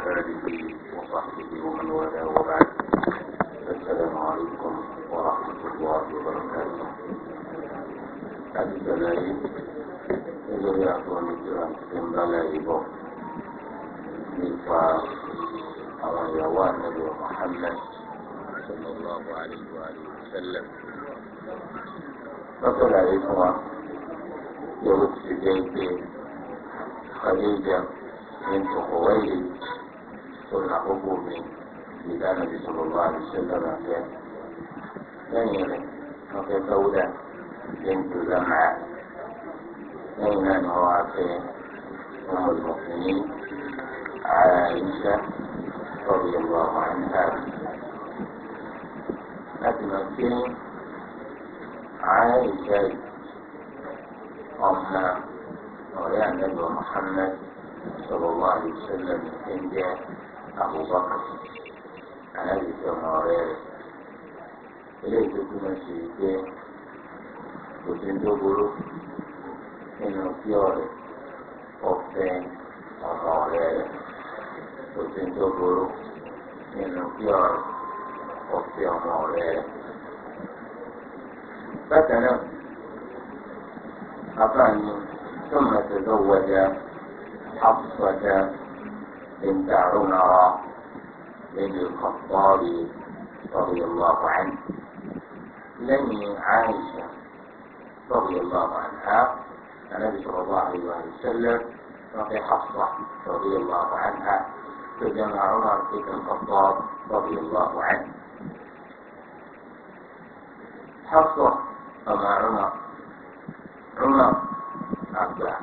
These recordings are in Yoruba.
آله وصحبه ومن والاه وبعد السلام عليكم ورحمة الله وبركاته الزمائل إلى يعطون الكرام تنبلائبه nípa àwọn ìyàwó ànábì Muhammad sallallahu alayhi wa sallam. lọ́sọ̀rọ̀ àyè fún wa yóò ti jẹ́ pé Khadija ní tòkòwé yìí. sunna gbogbo mi ìdáná bí sallallahu alaihi wasallam fẹ́ lẹ́yìn rẹ̀ wọ́n fẹ́ Sawda bintu Zam'a lẹ́yìn náà ni wọ́n wá fẹ́ Ummul Mu'minin Aisha radiyallahu anha láti lọ sí Aisha ọmọ ọ̀rẹ́ àlẹ́gbẹ̀ẹ́ Muhammad sallallahu alaihi wasallam ní ẹ̀ńdẹ́. Abubakar Ànábì fi ọmọ ọ̀rẹ́ rẹ̀ ilé ìtọ́jú náà ṣe wípé kò sí tó burú nínú kí ọ̀rẹ́ ọ̀fẹ́ ọmọ ọ̀rẹ́ rẹ̀ kò sí tó burú nínú ọ̀fẹ́ ọmọ بنت عمر بن الخطاب رضي الله عنه لم عائشة رضي الله عنها النبي صلى الله عليه وسلم رضي حفصة رضي الله عنها فجمع عمر بن الخطاب رضي الله عنه حفصة أما عمر عمر أبدا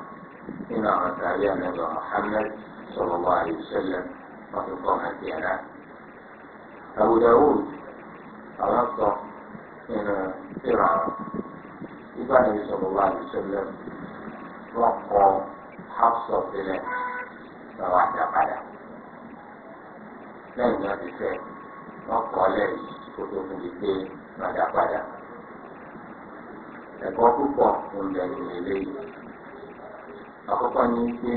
nínú na sàrí ànábì Muhammad sallallahu alaihi wasallam wọn fi kọ́ ọmọ tiẹ̀ náà. Abu Dawud àwọn sọ nínú síra wọn nígbà níbi sallallahu alaihi wasallam wọn kọ Hafsa sílẹ̀ lọ́wọ́ àjàpadà lẹ́yìn náà ti fẹ́ wọ́n kọ́ lẹ́yìn kó tó fi di pé padà padà ẹ̀kọ́ púpọ̀ ń àkọ́kọ́ ni pé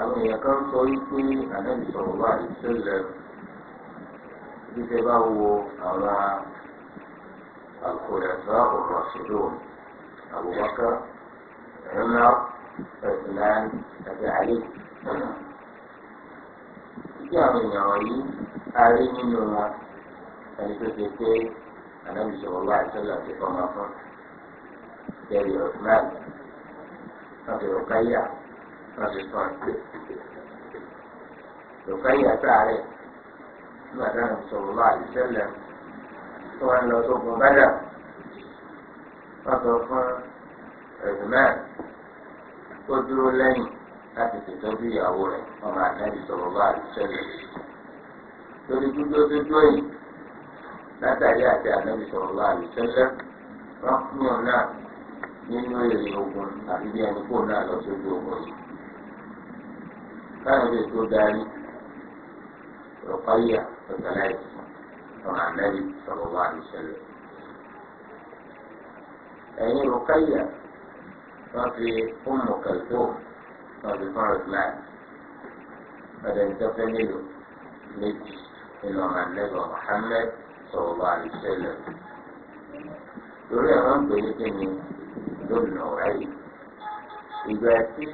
àwọn èèyàn kan sọ wípé ànábì sọ̀rọ̀ bá ìṣẹ̀lẹ̀ jíjẹ́ bá wo àwọn àkùrẹ̀fà ọ̀rọ̀ ṣèlú Abubakar Umar Usman àti Ali tí àwọn èèyàn wọ̀nyí arí nínú wọn ẹni tó ṣe pé ànábì sọ̀rọ̀ bá ìṣẹ̀lẹ̀ ti fọmọ fún jẹ́rì Usman. wọn fi rọkáyà wọn fi sọ àti rọkáyà sáré nígbà tí wọn sọ̀rọ̀ lọ àdìsẹlẹ tí wọn lọ sógun bádà wọn sọ fún ẹgbẹmẹrin tó dúró lẹ́yìn láti ṣètọ́jú ìyàwó rẹ̀ ọmọ àtẹ́bí sọ̀rọ̀ lọ àdìsẹlẹ torí dúdú dúdú yìí látàrí àti àtẹ́bí sọ̀rọ̀ lọ àdìsẹlẹ wọn fún un náà. nínú èrè ogun àti bí ẹni kó náà lọ sójú ogun yìí. káyọ̀ lè tó darí rọ̀páyà ọ̀tàláìsì ọ̀nà ànábì sọ̀rọ̀ wà níṣẹ̀lẹ̀. ẹ̀yin rọ̀páyà wọ́n fi ọmọ kẹ̀tọ́ wọ́n fi fún rọ̀páyà ọ̀dọ̀ ìjọpẹ́ mélòó méjì nínú ọmọ ànábì Muhammad sọ̀rọ̀ wà níṣẹ̀lẹ̀. lórí ẹ̀rọ ń pè é kí ni. lónìí ọ̀rá yìí ìgbà tí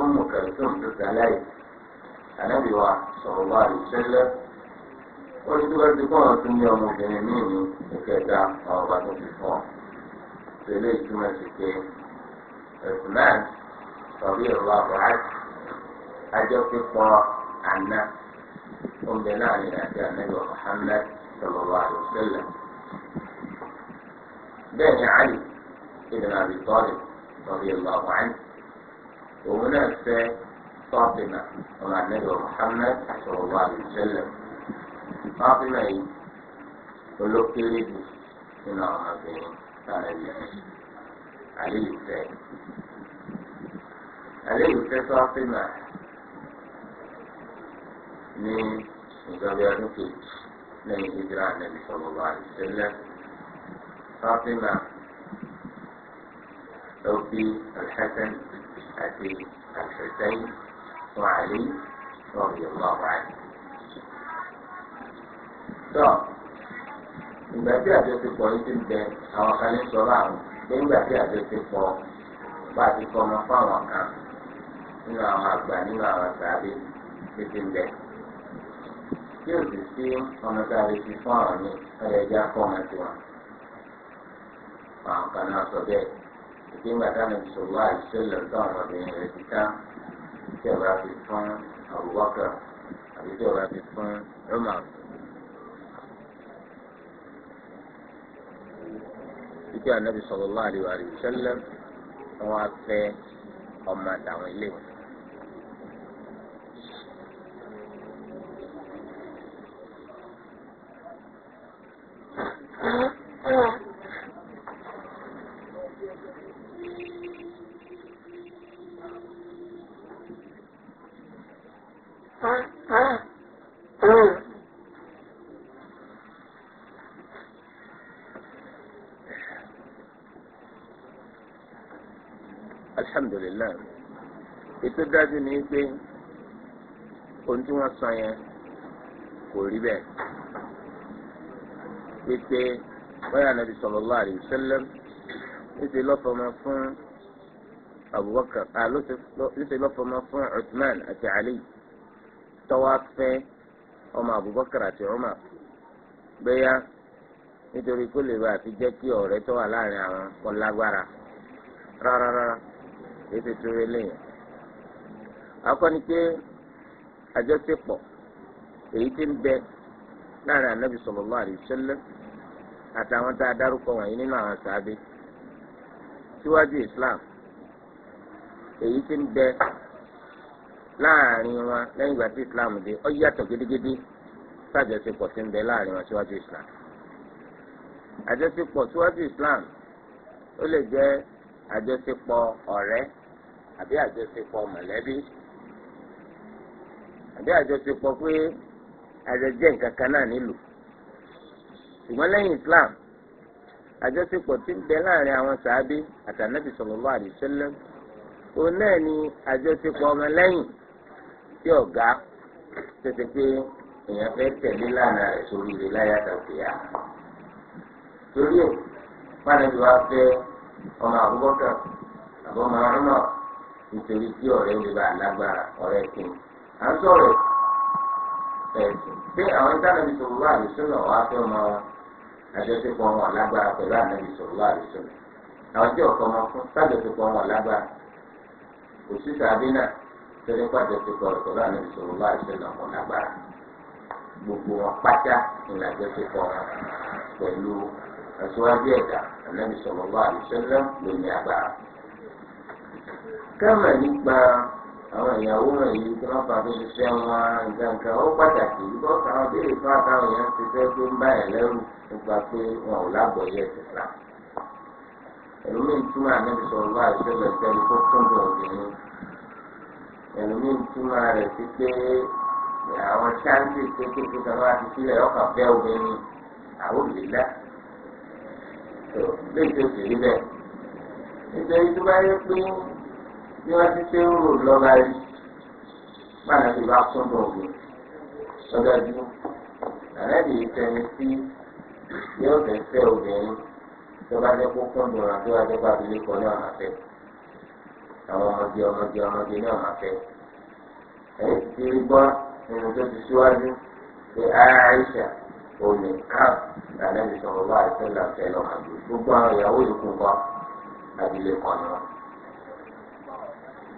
ọmọ kẹsàn-án tó sálá yìí ànábì wa sọ̀rọ̀ wa àlùsẹ́lẹ̀ ó ní tíwájú tí kọ́ ọ̀tún ní ọmọbìnrin míì ní ìkẹta ọ̀rọ̀ bá tó fi fọ́ tẹ̀lé ìtumọ̀ sí na ẹ̀sùn náà tọ̀bí ìrọ̀lá ọ̀rá ajọ́ pípọ̀ سيدنا أبي طالب رضي الله عنه وهناك فاطمة ومع النبي محمد صلى الله عليه وسلم فاطمة إيه؟ ولو من أمامين كان علي الثاني علي الثاني فاطمة من جابر نكيت من هجران النبي صلى الله عليه وسلم فاطمة أو الحسن أبي الحسين وعلي رضي الله عنه طب ìgbà tí àjọṣepọ̀ yìí ti bẹ àwọn kan ní sọ láàrú nígbà tí àjọṣepọ̀ bá ti kọ́ ọmọ fáwọn kan nínú àwọn àgbà nínú àwọn sàbí ti ti bẹ. tí ò sì sí ọmọ sàbí ti fún àwọn ní ọ̀yẹ́jà kọ́ ọmọ tiwọn. àwọn kan náà sọ bẹ́ẹ̀ ìpín gbàdá ní ìṣòwò àìṣẹlẹ̀ tó àwọn obìnrin rẹ̀ ti ká tí ọba fi fún àbúwákà àbí tí ọba fi fún rọmà. ìpín ànábì sallallahu alaihi wa wọn á fẹ́ ọmọ àtàwọn ilé wọn. alhamdulillah ètò dájú ni pé ohun tí wọ́n sọ yẹn kò rí bẹ́ẹ̀ pípé báyà nàbì sallallahu alaihi wasallam níṣẹ́ lọ́fọ̀mọ fún Abubakar níṣẹ́ lọ́fọ̀mọ fún Uthman àti Ali tọ́wọ́ fẹ́ ọmọ Abubakar àti Umar bẹ́yà nítorí kó lè bá àti jẹ́ kí ọ̀rẹ́ tó wà láàrin àwọn kọ́ lágbára rárá rárá. èsì torí eléyìí akọni pé àjọṣepọ̀ èyí tí ń bẹ láàrin anabi sallallahu alaihi wasallam àtàwọn tá a dárúkọ wọ̀nyí nínú àwọn síwájú islam èyí tí ń bẹ láàrin wọn ìgbà tí islam dé ó atọ gidigidi sájọṣepọ̀ tí ń bẹ láàrin wọn síwájú islam àjọṣepọ̀ síwájú islam ó lè jẹ́ àbí àjọṣepọ̀ mọ̀lẹ́bí àbí àjọṣepọ̀ pé àjọjẹ́ nǹkan kan náà nílùú ṣùgbọ́n lẹ́yìn Islam àjọṣepọ̀ ti ń bẹ láàrin àwọn sàábí àtànábì sallallahu alaihi òun ni àjọṣepọ̀ ọmọlẹ́yìn tí ọ̀gá tètè pé èèyàn fẹ́ tẹ̀lé lánàá rẹ̀ sórí ilé láyàtọ̀ torí ẹ̀ fẹ́ ọmọ àbọ̀mọ̀ ọmọ nítorí tí ọ̀rẹ́ lè bá lágbára ọ̀rẹ́ kí ni. à ń sọ̀rọ̀ ẹ̀sìn pé àwọn ìtànàbí sọ̀rọ̀ wà lùsùnà wà fẹ́ mọ àjọṣepọ̀ wọn lágbára pẹ̀lú ànàbí sọ̀rọ̀ wà lùsùnà. àwọn tí ọ̀kọ́ wọn fún sájọṣepọ̀ wọn lágbára kò sí sàbí náà tẹ́lẹ̀ pàjọṣepọ̀ rẹ̀ pẹ̀lú ànàbí sọ̀rọ̀ wà lùsùnà wọn lágbára. gbogbo wọn pátá ìlàjọṣepọ̀ wọn pẹ̀lú kámà nípa àwọn ìyàwó náà yìí kí wọ́n fàbí iṣẹ́ wọn nǹkan ó pàtàkì bíkọ́ àwọn béèrè fún àtàwọn èèyàn ti fẹ́ pé ń bá ẹ̀ lẹ́rù nípa pé wọn ò lágbọ̀ọ́yẹ ti sà. ẹlòmíín túmọ̀ ànábi sọ̀rọ̀ bá ìṣẹ̀lẹ̀ tẹ́lẹ̀ tó kúndùn obìnrin ẹlòmíín túmọ̀ rẹ̀ sí pé àwọn ṣáńtì kékeré kan wá ti sílẹ̀ ọkàn fẹ́ obìnrin àwọn òbílẹ̀ tó léṣe òṣèré bẹ́ẹ̀ nítorí tó bá yẹ pé bí wọ́n ti ṣe ń rò lọ́ba rí gbàdá ti bá kún bọ̀ wò lọ́dọọdún àlẹ́bí ìfẹ́ni tí yóò fẹ́ fẹ́ obìnrin tó bá jẹ́ kó kún bọ̀ àti wájú bá abilé kọ́ ní ọ̀nà fẹ́ àwọn ọmọdé ọmọdé ọmọdé ní ọ̀nà fẹ́ ẹ̀yìn ti rí gbọ́ nínú tó ti síwájú pé Aisha òní káp làlẹ́bí sọ̀rọ̀ wá àìsàn làfẹ́ lọ́mọdé gbogbo àwọn ìyàwó yòókù kọ́ abilé kọ́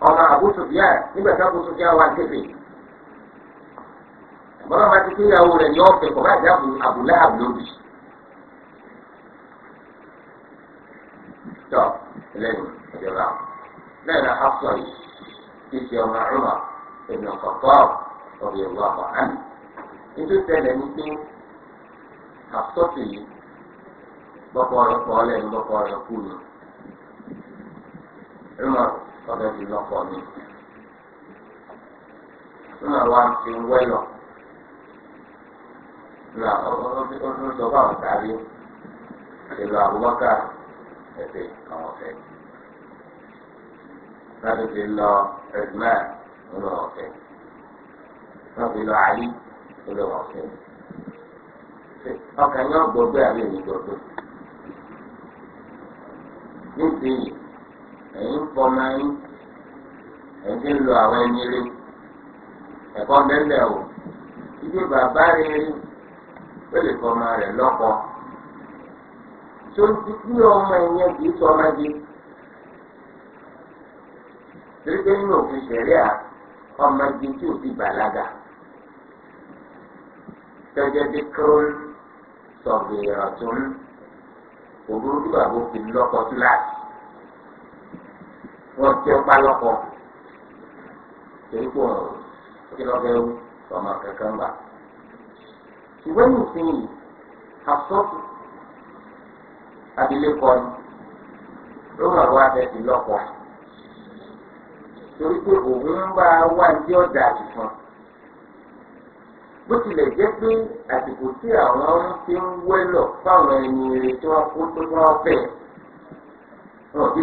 Ọ àbúsùfíà nígbà tí àbúsùfíà wà tẹ̀lé bọ́lá máa ti kéyàwó rẹ̀ yọ ọ̀fẹ́ kọ̀ báyìí àbúlá àbúlódì. tọ́ ẹlẹ́nu ìjọba bẹ́ẹ̀ ni hafsọ yìí ti ṣe ọmọ ọmọ ẹ̀nà kọ̀kọ́ ọ̀rẹ́ ìwà ọ̀hánì. nítorí tẹ́lẹ̀ ní pé hafsọ yìí ọbẹ̀ ti lọ́kọ mi. Nígbà wa ti ń wẹ́lọ̀. Nígbà ọdún sọ fún àwọn sáré. Ìlú Abubakar ẹ̀sẹ̀ àwọn ọ̀fẹ́. Láti fi lọ Ẹ̀sìmáà nínú ọ̀fẹ́. Wọ́n fi lọ Àlí nínú ọ̀fẹ́. Ọkàn yóò gbọ́ bẹ́ẹ̀ àbí èmi gbọ́ bẹ́ẹ̀. Nísìnyí. ẹ̀yin fọmọ yín ẹ̀yin ti àwọn ẹni rí ẹ̀kọ́ o ibi bàbá rere ó lè fọmọ rẹ̀ tó ti kí ọmọ ẹ̀yẹn kì í sọmọdé torí pé nínú òfin ṣẹ̀ríà ọmọdé tí ò ti bàlágà tọ́jọ́ dé kúrò sọ̀gbìn wọ́n ti ọ̀pá lọ́kọ̀ torí kò hàn kí lọ́ fẹ́ ọmọ kankan gbà. ìwé nìsín yìí abilékọ ni ló mọ̀ wá fẹ́ torí pé òun ń bá wá ní ọ̀dà àtìfọ́n bó tilẹ̀ jẹ́ pé àsìkò tí àwọn ń fi ń wẹ́lọ̀ fáwọn ẹni rẹ̀ tí wọ́n kó tó wọ́n fẹ́ wọn ò bí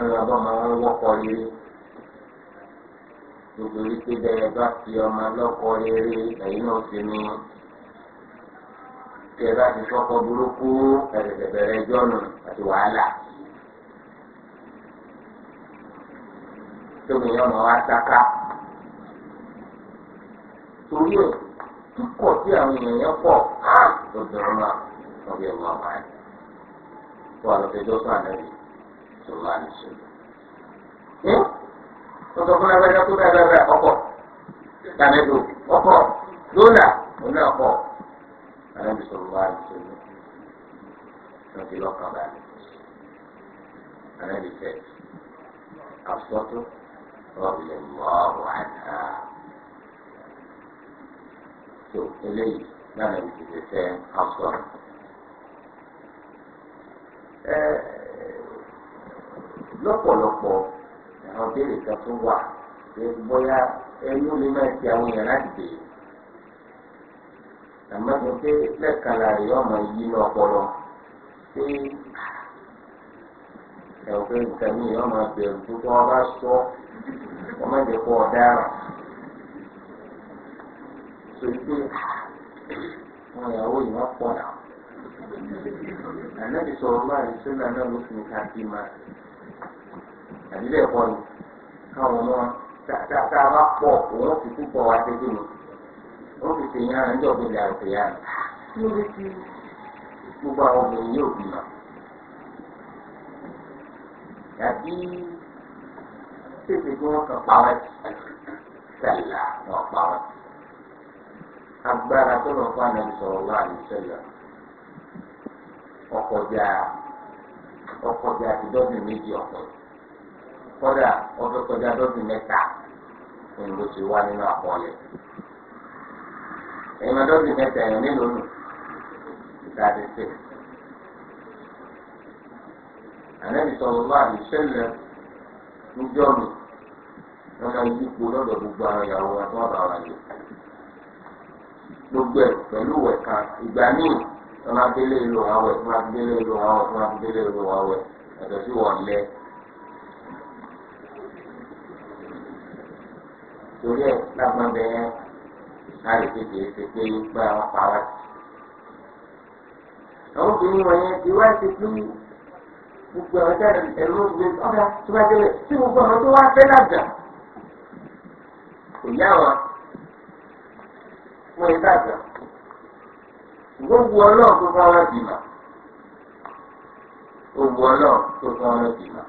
wọn máa bọ́ máa ń wọ́pọ̀ rere nítorí pé bẹ́ẹ̀ bá fi ọmọ lọ́kọ̀ rere ẹ̀yin náà fi ẹ bá ti burúkú àti wàhálà. tóbi yẹn wá sáká torí àwọn èèyàn yẹn bí sallallahu alaihi wasallam. tọ́tọ̀ fún abẹ́rẹ́ tó bẹ́ẹ̀ bẹ́ẹ̀ ọkọ̀ tàmẹ́dò ọkọ̀ dọ́là oní ọkọ̀ ànábì sallallahu alaihi wasallam. wọ́n ti lọ́kàn balẹ̀ ànábì fẹ́ àfọ́tò rọ́bìlẹ̀ mọ́ọ̀rọ̀ àná. tó eléyìí lánàá ìdílé fẹ́ àfọ́tò lọ́pọ̀lọpọ̀ àwọn béèrè kan tó wà pé bóyá ẹnu lè máa ti àwọn èèyàn láti dè àmọ́ pé lẹ́ẹ̀kan láàrin ọmọ yìí ní ọpọlọ pé ẹ̀rọ pé nǹkan mi ọmọ bẹ̀rù tó tó wọn bá sọ wọn má kó ọ̀daràn tó pé wọn ìyàwó yìí wọ́n pọ̀ náà ànábì máa ní sílẹ̀ náà ló ká bí máa. àbí bẹ́ẹ̀ kọ́ ni káwọn ọmọ tá a bá pọ̀ òun púpọ̀ wá ṣe dùn ṣe yára yára kí ló dé gbogbo àwọn obìnrin yóò bímọ tètè kí wọ́n kàn pa wọ́n pa agbára tó lọ fún àná láàrin méjì ọ̀pọ̀ kọ́dà ọdún kọjá lọ́dún mẹ́ta ni ló ti wá nínú àpọ̀lẹ̀. èèyàn lọ́dún mẹ́ta èèyàn mélòó nù ìdájí sọ̀rọ̀ bá níjọ́ mi lọ́dọ̀ gbogbo àwọn ìyàwó gbogbo ẹ̀ pẹ̀lú ìwẹ̀ kan ìgbà míì torí ẹ̀ lágbọ́n bẹ yẹn láti fi kìí pé pé àwọn pa wá sí. àwọn obìnrin wọ̀nyẹn ti wá ṣe pé gbogbo àwọn tí ẹ̀rọ ìgbé ọ̀gá tó bá débẹ̀ tí gbogbo àwọn tó wá fẹ́ làgbà kò yá wọn fún ẹ̀ka àgbà gbogbo ọlọ́run tó fọwọ́ bìmọ̀ gbogbo ọlọ́run tó fọwọ́ bìmọ̀.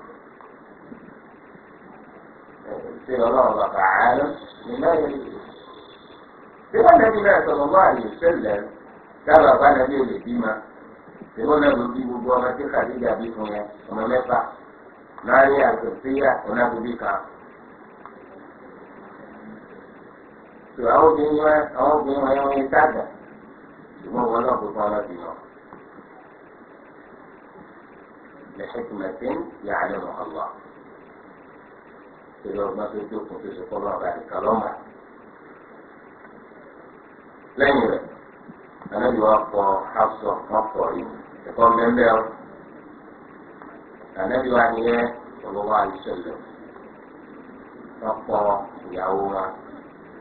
سيغرق عالم لما يريد لما النبي صلى الله عليه وسلم كما قال نبي الهديمة لما نبي بوابة خديجة بيكم يا وما مفع ماريا الكرسية ونبي بيكا سأعود بيما أعود بيما يوم يتعدى لما هو نبي قال بيما لحكمة يعلمها الله torí ọgbọ́n tó jókòó tó ṣe kọ́lọ́ ọ̀gá nìkan lọ́mọ. lẹ́yìn rẹ̀ anábì wa kọ hafsọ wọn kọ yìí ẹ̀kọ́ bẹ́ẹ̀ o anábì wa ni yẹ ọlọ́wọ́ àìsọ̀lọ̀ wọn kọ ìyàwó wa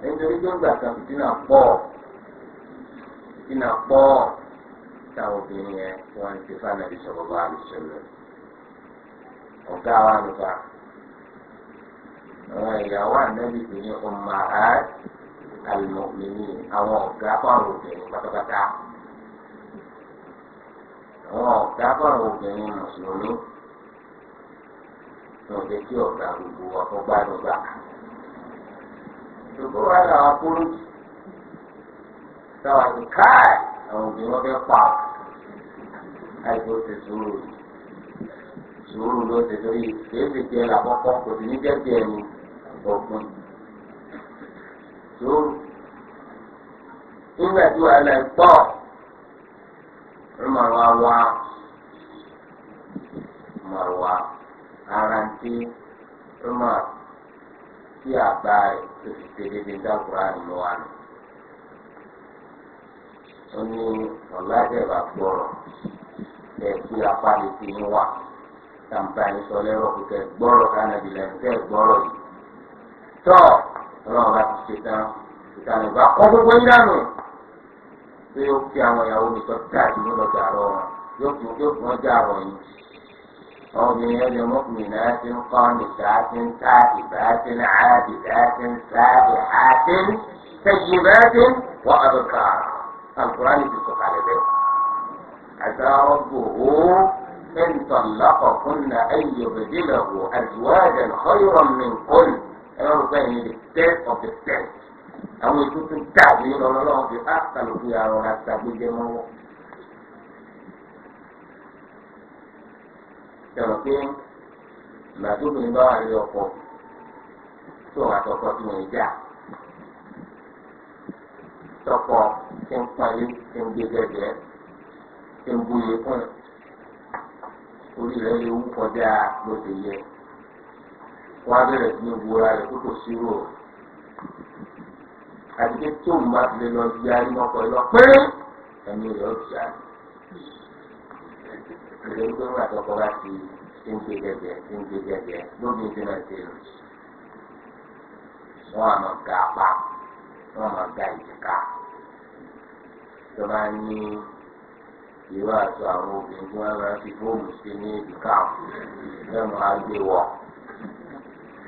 nítorí tó gbà kan fìtínà pọ̀ fìtínà pọ̀ táwọn obìnrin yẹn wọn ti fún anábì sọ̀rọ̀ wa àìsọ̀lọ̀ ọ̀gá wa nípa àwọn ìyàwó ànábì sì ní ummahat al-mu'minin àwọn ọ̀gá fáwọn obìnrin pátápátá àwọn ọ̀gá fáwọn obìnrin mùsùlùmí wọn jẹ́ kí ọ̀gá gbogbo ọkọ̀gbádùn gbà. ṣùgbọ́n wà láwọn kúrú táwọn àti káì àwọn obìnrin wọn fẹ́ pa àìsàn ti sùúrù sùúrù ló ti torí kìí ṣe jẹ́ làkọ́kọ́ kò sì ní jẹ́ jẹ́ ẹni òpin sùúrù nígbà tí wàhálà ń pọ̀ ọmọọ̀rọ̀ wa ọmọọ̀rọ̀ wa ara ń tí ọmọ tí àgbà rẹ̀ tó ti ṣe déédéé dákúrá nínú wa nù. ó ní ọ̀làjẹ̀bà gbọ́rọ̀ ẹ̀ kí apá lè fi yín wà tá n kò tẹ̀ gbọ́rọ̀ kánàbì lẹ́nu tẹ̀ gbọ́rọ̀ yìí. tọ́ ọlọ́run bá ti ṣe tán ìtàn ìgbà kọ́ gbogbo yín dànù pé ó fi àwọn ìyàwó mi tọ́ tí àti mú lọ́jà àrọ́ wọn yóò fi yóò fi wọ́n já àrọ́ yìí. obìnrin ẹni mọ́kùnrin náà ti ń kọ́ ní sáàtì ń ta ìbá ti ń àádì dáàtì ń ta ìhàtì ń tẹ̀yì báàtì wọ́n àdùkà. alukóraní ti sọ kalẹ̀ bẹ́ẹ̀. àtàwọn gbòòrò ń tọ̀lọ́kọ̀ fún na ẹ̀yọ̀ bẹ̀dẹ̀ lọ́wọ́ àdìwọ́ ẹ̀rọ rẹ̀ bẹ́ẹ̀ ni the best of the best àwọn ètò tó dàbí lọ́lọ́lọ́wọ́ fi ákàlùkù àrò àtàgbéjẹ mọ́wọ́. sọ̀rọ̀ pé ìgbà tó bìnrin bá wà lórí ọkọ̀ tó wà tọkọ tí wọ́n ń jà tọkọ tí ń pọ́nlé tí ń gbé gẹ́gẹ́ tí ń buyè fún orí rẹ̀ lè wú kọjá bó ti yẹ wọ́n á bẹ̀rẹ̀ sí ní wúra rẹ̀ tó kò sí rò àti pé tó ń bá tilẹ̀ lọ di ayé ọkọ̀ lọ pé ẹ̀mí rẹ̀ ó ti àná ìlú tó ń àtọkọ bá ti ti ń gbé gẹ́gẹ́ ti ń gbé gẹ́gẹ́ lóbi ti náà ti rìn wọ́n á máa ga apá wọ́n á máa ga ìjìká tó bá ní ìwé àti àwọn obìnrin tí wọ́n máa fi fóònù sí ní ìdíkà lẹ́nu àgbéwọ̀.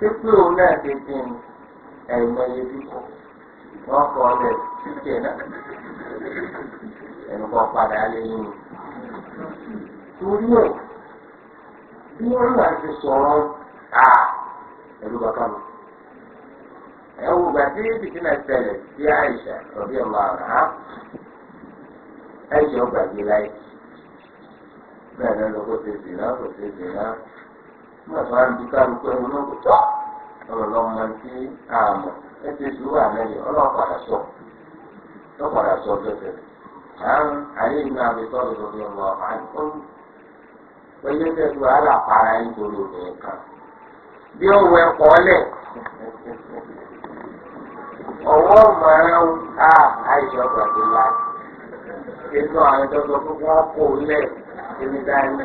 pípé òun náà ti di ẹ̀mọye bíkọ wọn kọ ọlẹ títí ẹ náà ẹnu kan padà lẹ́yìn torí ẹ bí wọn náà ti sọ̀rọ̀ à ẹlú bàbá mi ẹ wo gbàtí bìtínà ṣẹlẹ̀ sí àìsà tọbí ọmọ àrà á ẹ̀yìn ọgbàgbé láì bẹ́ẹ̀ náà lọ kó náà kó tẹsí náà. nígbà tó wà kálukú ẹni olóògùn tó ọlọlọmọ tí àmọ́ ẹsẹ sùúrù àmẹyẹ ọlọpàá sọ ọlọpàá sọ bẹsẹ àrùn àyè ìgbà àbẹtọ lọdọdọ ọmọ àìkú pẹ̀lú ẹsẹ tó wàhálà para ẹ nítorí bí àìsàn gbàgbé la àwọn ìjọba fún ẹni dání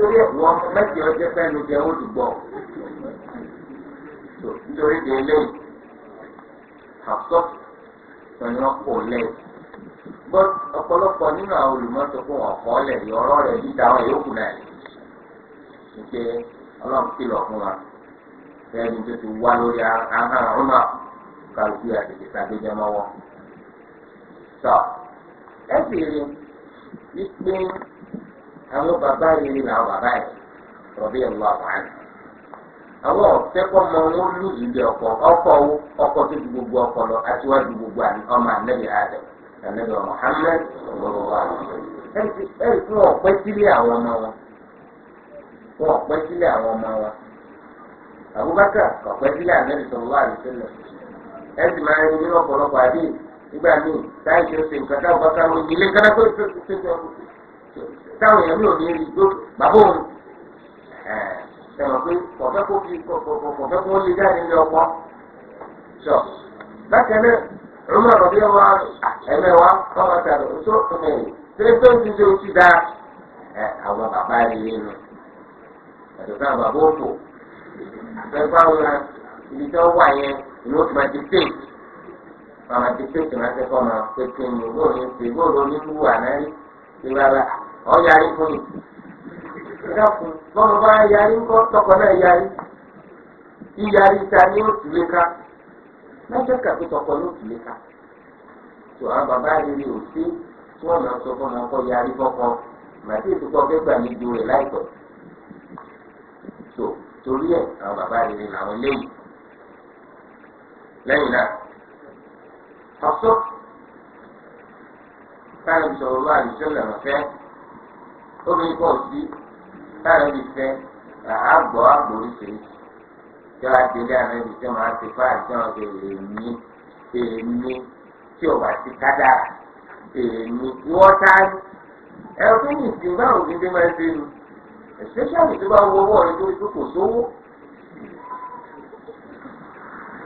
torí ẹ̀wọ́ ọmọ mẹ́jọ ọjọ́ sẹ́nu jẹ́ ó dùgbọ́. nítorí di eléyìí àtọ́ pẹ̀lú ọkọ̀ lẹ́yìn. gbọ́ ọ̀pọ̀lọpọ̀ nínú àwọn olùmọ́tò fún ọ̀kọ́ rẹ̀ dídá náà ọlọ́run kìlọ̀ fún wa bẹ́ẹ̀ ni tó ti wá lórí ahọ́n kálukú àtẹ̀tẹ̀ mọ́wọ́. àwọn bàbá yìí ni làwọn bàbá yìí rọ̀bí ẹ̀wọ̀ àbáyé. àwọn ọ̀fẹ́kọ̀ mọ wọn lù ìdí ọkọ ọkọ wo ọkọ tó gbogbo ọkọ lọ àti wá ju gbogbo ọmọ anabi adam anabi muhammed ọgbọgbọ wa ẹ ẹ fún ọpẹ sílé àwọn ọmọ wọn fún ọpẹ sílé àwọn ọmọ wọn abubakar ọpẹ sílé anabi sọlọ ẹ sì máa ń nígbà míì táyì tó ṣe nǹkan ìdílé táwọn èèyàn mi ò ní rí tó bàbá òun ẹ̀wọ̀n pé kọ̀fẹ́ kó fi kọ̀fẹ́ kó lè jáde ní ọkọ. sọ bákan náà rúmọ̀ rọ̀bí wa ẹ̀mẹ́wa kọ́mọ tàbí oṣù ọ̀mẹ́rin tẹ́lẹ̀ tó ń ti ṣe oṣù dáa ẹ̀ àwọn bàbá rere nù ẹ̀dọ̀ fún àwọn bàbá òfò àfẹ́fẹ́ àwọn ibi tí wọ́n wà yẹn ni ó ti máa di pé máa di pé tìmátẹ́fọ́ máa pé kí ni bóòlù ń ṣe bóòlù onílùú àná rí ìrora ọ yarí fún yìí ẹ̀dá fún bọ́mọ tọkọ náà yarí yíyarí ta ní òtúlé ká lọ́jọ́ kàbí tọkọ ní òtúlé ká tó àwọn bàbá rere ò sí tí wọ́n máa sọ fún ọkọ So torí ẹ àwọn bàbá rere làwọn náà táyà ìṣòro obìnrin kò sí táwọn ibi fẹ́ àgbọ̀ àgbọ̀ oríṣiríṣi jọba délé àwọn ibi fẹ́ máa ti fáà tí wọ́n fi èmi èmi tí ò bá ti kádàrà èmi ìwọ́ táyì ẹ̀rọ tó ní ìsìn báwo ni bí máa ń ṣe nu especially tó bá ń wọ́wọ́ rẹ tó tó kò sówó.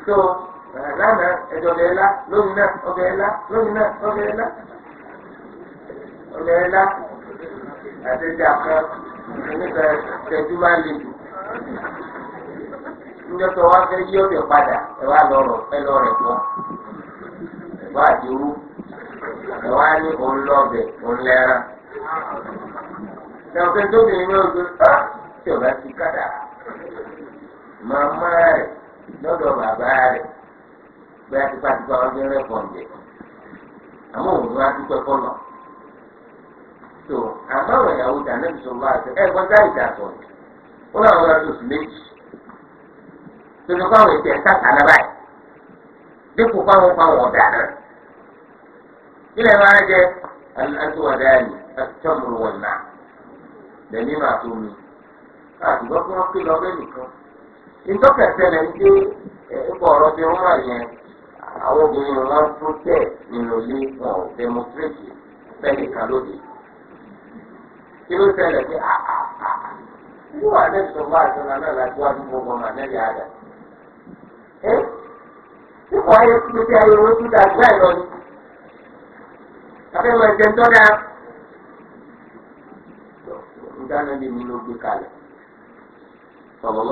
tó lánàá ẹ̀jọ̀ ọ̀bẹ̀ ẹ̀lá lónìí náà ọ̀bẹ̀ ẹ̀lá lónìí náà ọ̀bẹ̀ ẹ̀lá ọ̀bẹ̀ ẹ̀lá. àti ti àpọ̀ nípa ìtẹ́jú máa le jù. Níjọ́tọ̀ wá fẹ́ yí ọ̀dẹ̀ padà ẹ wá lọ́rọ̀ ẹ lọ rẹ̀ pọ̀. ẹ wá ní òun òun tí ti kádà. Màmá rẹ̀ lọ́dọ̀ bàbá rẹ̀ bẹ́ẹ̀ tipátipá ọdún rẹ̀ pọ̀ ń Àmọ́ so àbáwọn ìyàwó ìjà náà bìsọ̀ wá àti ẹ̀ gbọ́dá ìjà sọ̀ ni ó náà wọ́n lọ́dún oṣù méjì tó ní káwọn ètò ẹ̀ka kàlá báyìí dípò káwọn káwọn ọ̀dà náà ilẹ̀ máa jẹ àtúwọ̀dà yìí àtúwọ̀dà wọn náà lẹ́ni máa tó mi kí wọ́n lọ bẹ́ẹ̀ nìkan ń dé ẹ̀kọ́ ọ̀rọ̀ wọ́n wà yẹn àwọn obìnrin wọn protest nínú ilé wọn kí ló ṣẹlẹ̀ pé irú àlejò tó bá àjọyọ̀ náà láti wá dúró gbọmọ àlejò àdá. ipò ayé tó ti ayé owó tó dáa gbá ìlọ ni. àbẹ̀wò ẹ̀jẹ̀ ń tọ́ dáa. ìdáná ni mi ló gbé kalẹ̀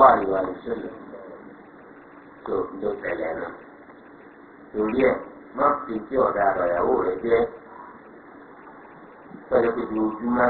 àríwá tó ló tẹ̀lé náà. torí má fi ọ̀dà jẹ́ pẹ̀lú pẹ̀lú ojúmọ́.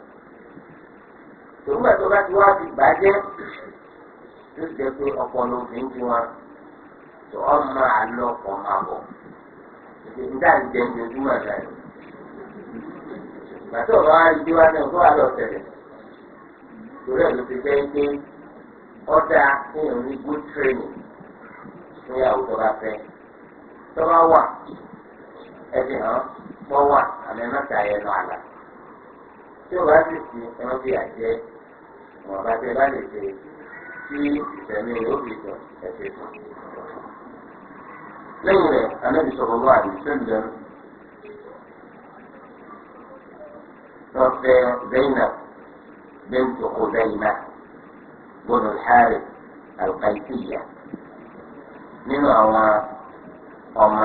tòmùgbà tó bá ti wá ti bàjẹ́ tó ti pé ọpọlọ òfin ti wọn tó ọmọ àlọ́ ọ̀pọ̀ máa bọ̀ ìdèmí dá ń jẹ ojoojúmọ́ ẹ̀dá yìí gbàtọ́ ọ̀rọ̀ wa wá náà kó wà lọ tẹ̀lẹ̀ torí ẹ̀ ló ti jẹ́ pé ọ̀dà èèyàn ní good training fún ìyàwó tó bá fẹ́ tó bá wà hàn wà àmì lọ àlà tí o bá sì sí wọn bá tẹ bá lè ṣe tí ìtẹ̀mí rẹ̀ ó fi tọ̀ ẹ̀ṣẹ̀ tán. lẹ́yìn rẹ̀ anábì sọ̀rọ̀ wá àdìsẹ́lẹ̀ lọ́fẹ́ Zainab bint Khuzaimah bọ́nù Harith al-Qaysiya nínú àwọn ọmọ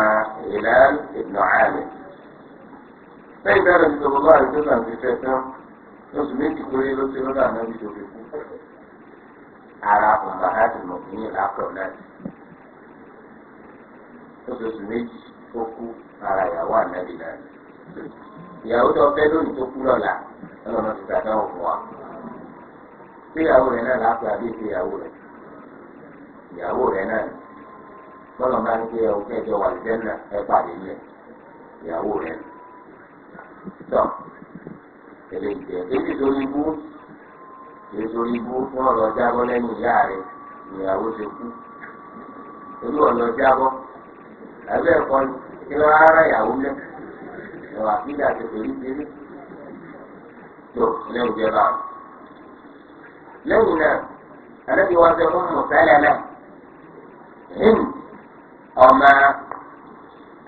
Hilal ibn Amir. lẹ́yìn tí anábì sọ̀rọ̀ wá àdìsẹ́lẹ̀ ti oṣù méjì péré ló ti lọ́dọ̀ àná ìjọ fi kú ara ọ̀nà àti mọ̀kìnyìn lápọ̀ náà oṣooṣù méjì ó kú ara ìyàwó ànábì náà ìyàwó tó fẹ́ lónìí tó kú lọ́la ọlọ́run ti gbàdá òfin wa ìyàwó rẹ̀ náà lápẹ̀ àbí ìṣe ìyàwó rẹ̀ ìyàwó rẹ̀ náà bọ́lá máa ń gbé wà ẹ̀ pàdé ìyàwó rẹ̀ tẹ̀lé ìjẹ́ èyí torí ibú èyí torí ibú fún ọ̀rọ̀ jábọ́ lẹ́nu ìyá rẹ̀ ìyàwó ti kú torí ọ̀rọ̀ jábọ́ ẹgbẹ́ ẹ̀kọ́ kí lọ́ ara ìyàwó lẹ́ ẹ̀wà fídà ti pèlú pèlú tó lẹ́nu ìjọba lẹ́yìn náà alẹ́ ti wá sẹ́ fún mùsálẹ̀ náà ọmọ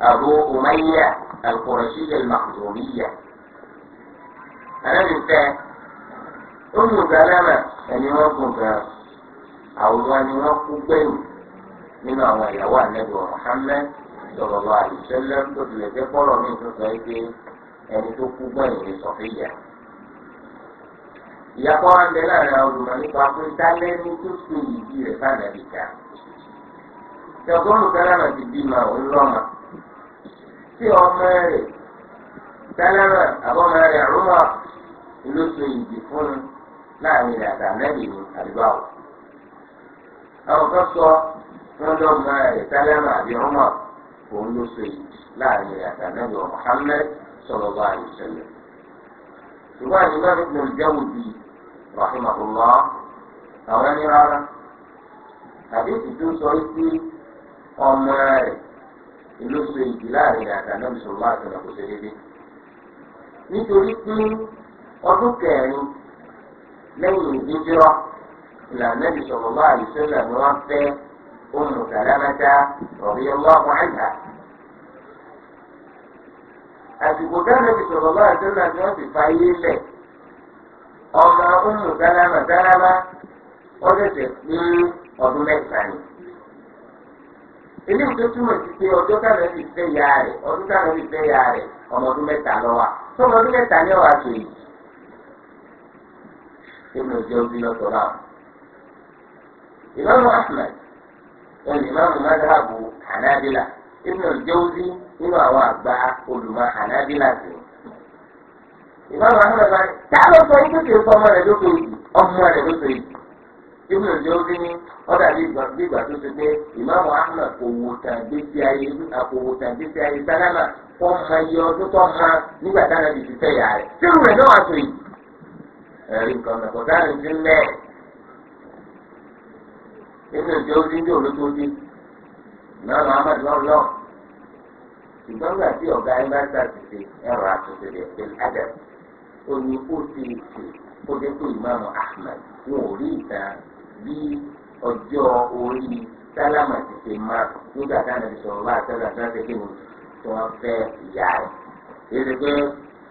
Abu Umayya al-Qurashiyya al-Makhzumiyya. ànábì fẹ́ ọmọ sàlámà ẹni wọn kún gan àwòrán ni wọ́n kú nínú àwọn ìyàwó ànábì Muhammad sọlọ́lọ́ àdìsẹ́lẹ̀ tó tilẹ̀ mi tó sọ ẹni tó kú gbẹ̀yìn ni Sọfíyà ìyàpọ̀ wa ń bẹ láàrin nípa pé dálẹ́ni tó so ìdí rẹ̀ ká ti tí ọmọ rẹ̀ rẹ̀ ló ṣe ìdí fún láàrin ìdàgbà mẹ́rin ní àdúgbò. àwọn kan sọ wọn dọ́gba ẹ̀ sálámà àbí òun ló ṣe ìdí láàrin ìdàgbà mẹ́rin Muhammad sallallahu alaihi wasallam. ṣùgbọ́n àdúgbò mi rahimahullah àwọn ẹni rárá àbí ìtìtú sọ pé ọmọ rẹ̀ ló ìdí láàrin ìdàgbà mẹ́rin sọ̀rọ̀ láti ọ̀nà kò ṣe nítorí pé ọdún kẹrin lẹ́yìn ìdíjọ́ ìlànà ìṣòwòlá àìsílẹ̀ ni wọ́n fẹ́ àsìkò ni wọ́n ti fa ayé lẹ̀ ọmọ ọdún túmọ̀ sí pé ọjọ́ táwọn ẹbí fẹ́ rẹ̀ ọdún táwọn ẹbí fẹ́ rẹ̀ ọmọ ọdún mẹ́ta tó ọmọ ọdún mẹ́ta ابن الجوزي لطلاب الإمام أحمد الإمام مذهب حنابلة ابن الجوزي nínú àwọn àgbà olùmọ̀ ànábìlà sí. ìbámu àwọn ọmọ rẹ tá ló sọ yín kékeré fún ọmọ rẹ lókè yìí tó ti pé ìmáàmù Ahmed òwò tàn gbèsè ayé àkòwò tàn gbèsè ayé sálámà ayé ọdún tó máa nígbà ti sírù rẹ̀ náà wà sọ yìí. ẹ̀rí nǹkan mẹ́kọ̀ọ́ sáàrin ti ń lẹ̀ nínú ìjọ orí ní olójoojú náà lọ amadu náà lọ ṣùgbọ́n gbà tí ọ̀gá ẹ bá ṣàtìṣe ẹ̀rọ àtúnṣe rẹ̀ pẹ̀lú adam ó ní ó ti ṣe kó dé pé ìmáàmù ahmed wọn ò rí ìtàn bí ọjọ́ orí sálámà ti ṣe máa nígbà táwọn ẹ̀ṣọ́ wa àtẹ́lẹ̀ àtẹ́lẹ̀ kékeré tí wọ́n fẹ́ ìyá rẹ̀ èyí pé.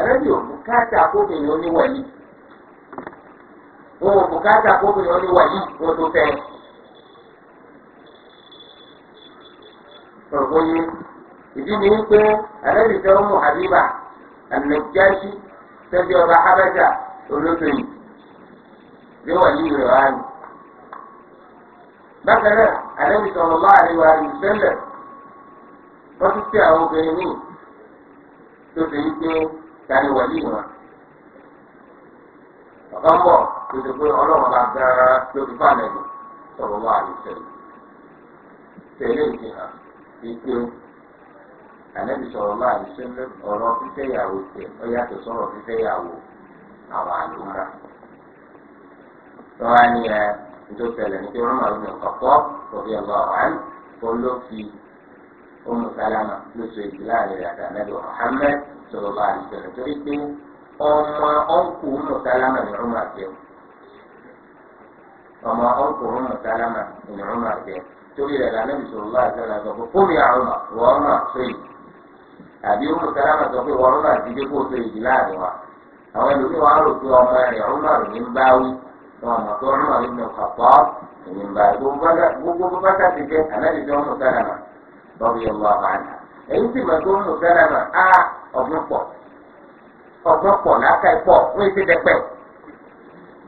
àrẹ́bí ò bùkátà kóbìnrin oníwàlí wọn ò bùkátà kóbìnrin oníwàlí wọn tó fẹ́. ọ̀gbọ́n yìí ìdí ni wípé àrẹ́bí fẹ́ ọmọ àbíbà ọba abájá olóso yìí bí wàlí rẹ̀ wá ní. bákan àríwá àwọn obìnrin tó fi ń gbé tani wàlí wọn ọ̀gá ń bọ̀ tuntun pé ọlọ́run bá gbára lórí fáànẹ́lì sọ̀rọ̀ wà lùsẹ̀lẹ̀ tẹ̀lé ìfihàn wípé ànẹ́bí sọ̀rọ̀ wà lùsẹ̀lẹ̀ ọ̀rọ̀ fífẹ́ ìyàwó tẹ̀ ọ sọ̀rọ̀ fífẹ́ àwọn àlùmọ́ra ní pé wọ́n máa ń òbí ọ̀gá ọ̀hán ló fi ọmọ sálámà lóṣù ìdílé sọ̀rọ̀ bá àdìsẹ̀rẹ̀ torí pé ọmọ ọ̀nkù mùsálámà ni ọmọ àjẹ ọmọ ọ̀nkù mùsálámà ni ọmọ àjẹ torí rẹ̀ lànà ìṣòro bá àdìsẹ̀rẹ̀ sọ pé fúnmi àrùn wọ́n ọmọ àtúnyì àbí mùsálámà sọ pé wọ́n ọmọ àti dẹ́kun oṣù èjì láàrin wa àwọn ẹlòmíì wọn rò pé ọmọ rẹ̀ ọmọ rẹ̀ ní ń báwí wọn mọ̀ pé ọmọ rẹ̀ ní ọ̀pọ̀ ní ń báwí gbogbo bàtà ti jẹ́ àná ìṣòro mùsálámà lọ́ ọgbọ́n pọ̀ ọgbọ́n pọ̀ láàkà ìpọ̀ wọ́n èsì dẹ́pẹ́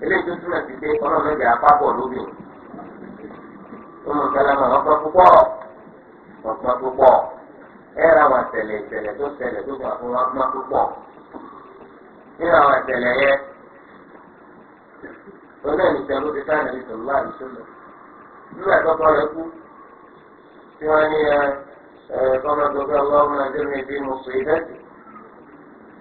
eléyìí tó túmọ̀ sí pé ọlọ́run ẹ̀jẹ̀ apábọ̀ lóbìn tó ọgbọ́n púpọ̀ ọgbọ́n púpọ̀ ra tó tó gbà fún ọgbọ́n púpọ̀ nínú àwọn olóyìn ti ká nígbà tó kọ́ rẹ kú tí wọ́n ní ẹ ẹ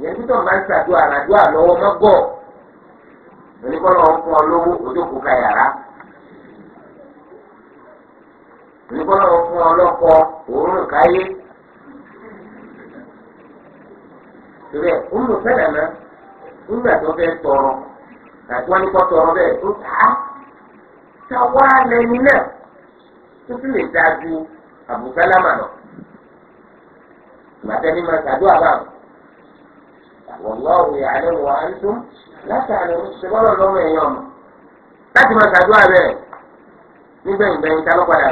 ìyẹn títọ̀ máa ń ṣàdúrà àràdúrà lọ́wọ́ mọ́gọ́ oníkọ́lọ́ ń fún ọ lówó ojókòó ka yàrá oníkọ́lọ́ ń fún ọ lọ́kọ òórùn káyé torí ẹ̀ ń lò fẹ́lẹ̀ mọ́ nígbà tó fẹ́ tọrọ àti wọ́n ní kọ́ tọrọ bẹ́ẹ̀ tó tà á tá a wá náà tó sì lè dáa ju àbùsálámà lọ ìgbà máa ṣàdúrà báwọn. wallahu ya'lamu wa antum la ta'lamun ṣùgbọ́n lọ́mọ èèyàn láti máa ṣàdúrà bẹ́ẹ̀ nígbẹ̀yìn gbẹ̀yìn tá ló padà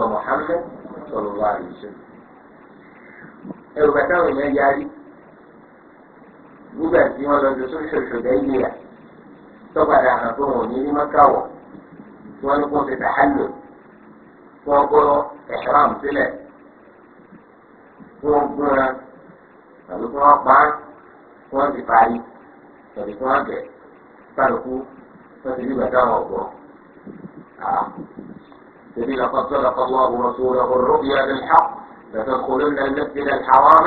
wa Muhammad sallallahu alaihi wasallam ẹrù bàtà wọn yẹn yarí nígbà tí wọn lọ sí sóṣòṣò dẹ́yìíyà tó padà hàn pé wọn ní rí mọ́káwọ̀ tí wọ́n ní kó tàhálò tí wọ́n tàbí kí wọ́n pa kí wọ́n ti parí tàbí kí wọ́n bẹ̀ kálukú wọ́n ti dìgbà táwọn ọ̀gbọ́. تبي لقد صدق الله رسوله الرؤيا بالحق لتدخلن المسجد الحرام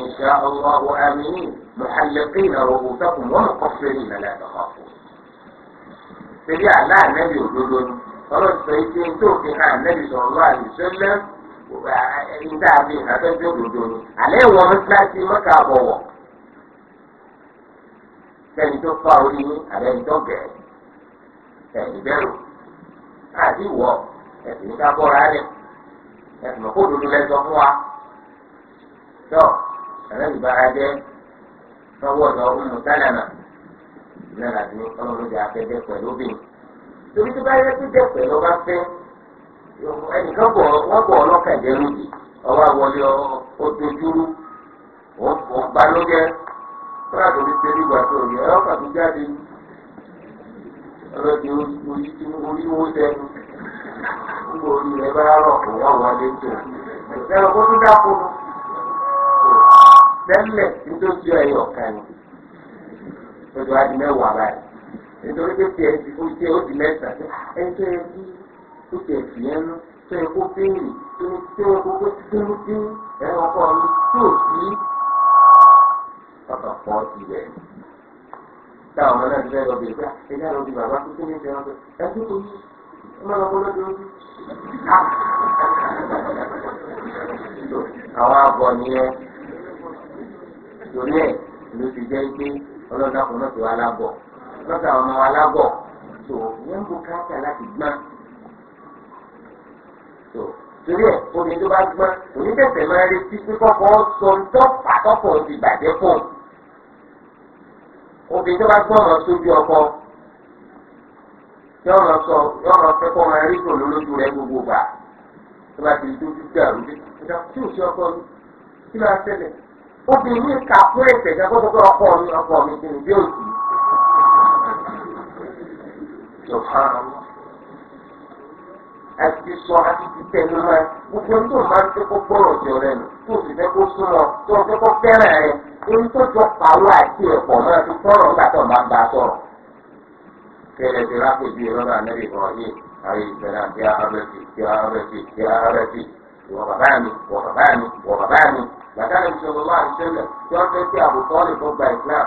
إن شاء الله آمنين محلقين رؤوسكم ومقصرين لا تخافون تبي على النبي ودودون خلاص فايتين توفي عن النبي صلى الله عليه وسلم ẹni tá a bí ìnàtọ́jú òdodo ala àlẹ́ ìwọ mọ́sálásí fa ní àlẹ́ ìjọ bẹ̀rẹ̀ ẹ̀yìn bẹ̀rù àti ìwọ ẹ̀sìn ní ká bọ́ra rẹ̀ ẹ̀sìn mọ́kó ní ọlọ́mọdé afẹ́fẹ́ pẹ̀lú obìnrin ẹnìkan bọ̀ wọ́n bọ̀ ọlọ́kàn jẹ́ lójì ọwọ́ wọlé ọdojúrú òun gba ló jẹ́ fúnra tó nígbà tó yẹ jáde ọlọ́dẹ orí tí orí wo sẹ́nu nígbà orí rẹ̀ bá rọ̀ kó wọ́n tó kó tẹ́lẹ̀ ẹ̀yọ̀ kan ọjọ́ adìmẹ́wàá báyìí nítorí pé tiẹ̀ ti tiẹ̀ ó di mẹ́ta tó yẹ tó ti ẹ̀sìn yẹn nú tó yẹ kó béèrè tó ní tó yẹ kó kó dúró sí ẹ̀rọ ọkọ mi tó sí ọkọ̀ pọ̀ ti rẹ̀ tá àwọn náà ti fẹ́ lọ bèèrè pé ah, ẹ̀jẹ̀ lọ bí bàbá tó kéde ṣe wọn pé ẹ̀sìn tó yí ẹ máa lọ bọ́ àwọn àbọ̀ nìyẹn torí ẹ̀ ló ti jẹ́ pé ọlọ́dún àkùnrin ti wà lábọ̀ lọ́dún àwọn ọmọ wa lábọ̀ tó yẹn ń bo káàkiri láti gbọ́n tó torí ẹ̀ omi tó bá gbọ́n oníṣẹ̀ṣẹ̀ máa retí pé kọ́kọ́ sọ tó pàtọ́kọ̀ ti bàjẹ́ fún omi tó bá gbọ́n lọ sójú ọkọ yọ̀ọ̀rọ̀ sọ yọ̀ọ̀rọ̀ fẹ́ kọ́ máa rí ìṣòro lójú rẹ gbogbo gbà tó bá ti dójú dé àrùn dé ìdá tí ò sí ọkọ mi kí ló ṣẹlẹ̀ obìnrin kà fún ẹ̀sẹ̀ gbàgbọ́ ọkọ mi ọkọ mi kì í dé òsì àti sọ àti tẹnu mọ́ ẹ gbogbo tó máa ń fẹ́ kó gbọ́rọ̀ jọ rẹ nù tó sì fẹ́ kó súnmọ́ tó fẹ́ kó fẹ́ràn rẹ èyí tó jọ pàwọ́ àti ẹ̀pọ̀ mọ́ ẹ fi tọrọ tó máa bá a sọ̀rọ̀. kẹlẹ ti rákò ju ìrọ́lá nẹ́bí kan yìí àyè ìṣẹ̀lẹ̀ àti arẹ́sì ti arẹ́sì ti arẹ́sì ìwọ bàbá mi ìwọ bàbá mi ìwọ bàbá mi bàtà lè sọ lọ́wọ́ àìsẹ́lẹ̀ tí wọ́n fẹ́ kí àbùkọ́ lè fọ́ gba ìsìlám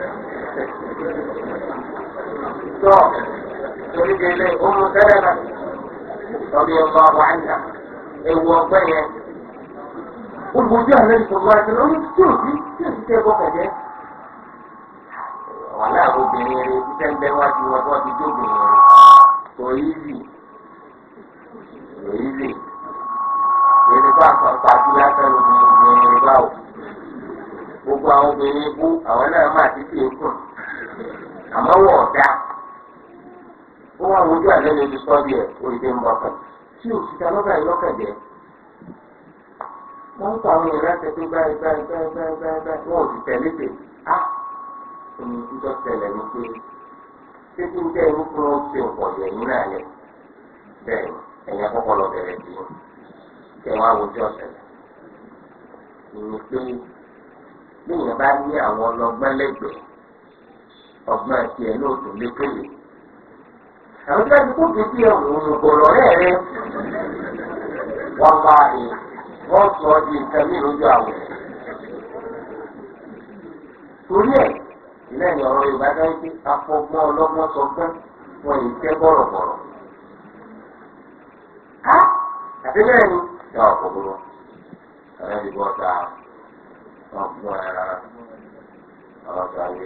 الدور تريد إليه أم سلمة رضي الله عنها هو طيب الله شوفي شوفي كيف báwò gbogbo àwọn obìnrin kú àwọn náà má ti fi àmọ́ wọ̀ ọ̀dà. ó wà wọ́n ojú àlẹ́ lè sọ́ọ̀bì ẹ̀ oríṣi ń bọ̀ kan tí òṣìṣẹ́ lọ́kàn yìí lọ́kàn jẹ́ wọ́n ń pa àwọn èèyàn láti pé báyìí báyìí báyìí báyìí báyìí báyìí wọ́n ò sì tẹ̀lé tè á omi ìjọ tẹ̀lẹ̀ ní pé ṣé kí n jẹ́ irú kí wọ́n ṣe ọ̀pọ̀ yẹ̀yìn náà yẹ bẹ́ẹ̀ ẹ̀yìn àkọ́kọ́ lọ bẹ̀rẹ̀ bí kẹwàá àwùjọ ọ̀sẹ̀lẹ̀ ìní pé bí èèyàn bá ní àwọn ọlọ́gbọ́n lẹ́gbẹ̀ẹ́ ọgbọ́n àti ẹ̀ lóòótọ́ lékèlè àwọn tí a ti kó kéde ọ̀hún gbọ̀rọ̀ rẹ̀ rẹ̀ wọ́n bá a yìí wọ́n sọ di nǹkan mí lójú àwọn. torí ẹ̀ lẹ́yìn ọ̀rọ̀ Yorùbá dáhùn pé afọgbọ́n ọlọ́gbọ́n sọ fún wọn yìí jẹ́ bọ̀rọ̀bọ̀rọ̀. ká àti bẹ́ẹ̀ ni ìyá ọ̀pọ̀ gbọ́dọ̀ ẹ̀rẹ́ ìbọn ta ọ̀gbọ́n ẹ̀rọ ọ̀rọ̀ ta wí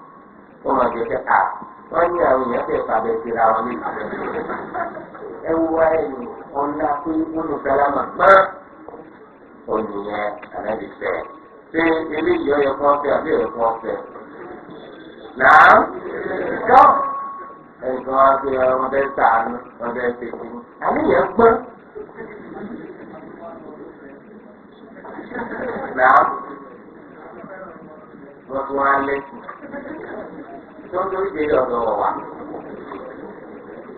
wọ́n máa jẹ́ kẹ́kà wọ́n ní àwọn èèyàn fẹ́ fàbẹ́ síra wọn ní ìlú. ẹ wú wá ẹ̀yìn ọ̀nà pé wọ́n sálámà pọ́n ònìyẹn ànábì fẹ́ ṣé eléyìí ọyẹ fún ọfẹ àbí ọyẹ fún ọfẹ náà tọ́ ẹ̀gbọ́n wa pé ọmọ bẹ́ẹ̀ sàánú ọmọ bẹ́ẹ̀ ṣèkú àníyàn gbọ́n náà wọ́n tún wá lẹ́sìn tó ń torí délé ọ̀dọ̀ wọ̀ wá.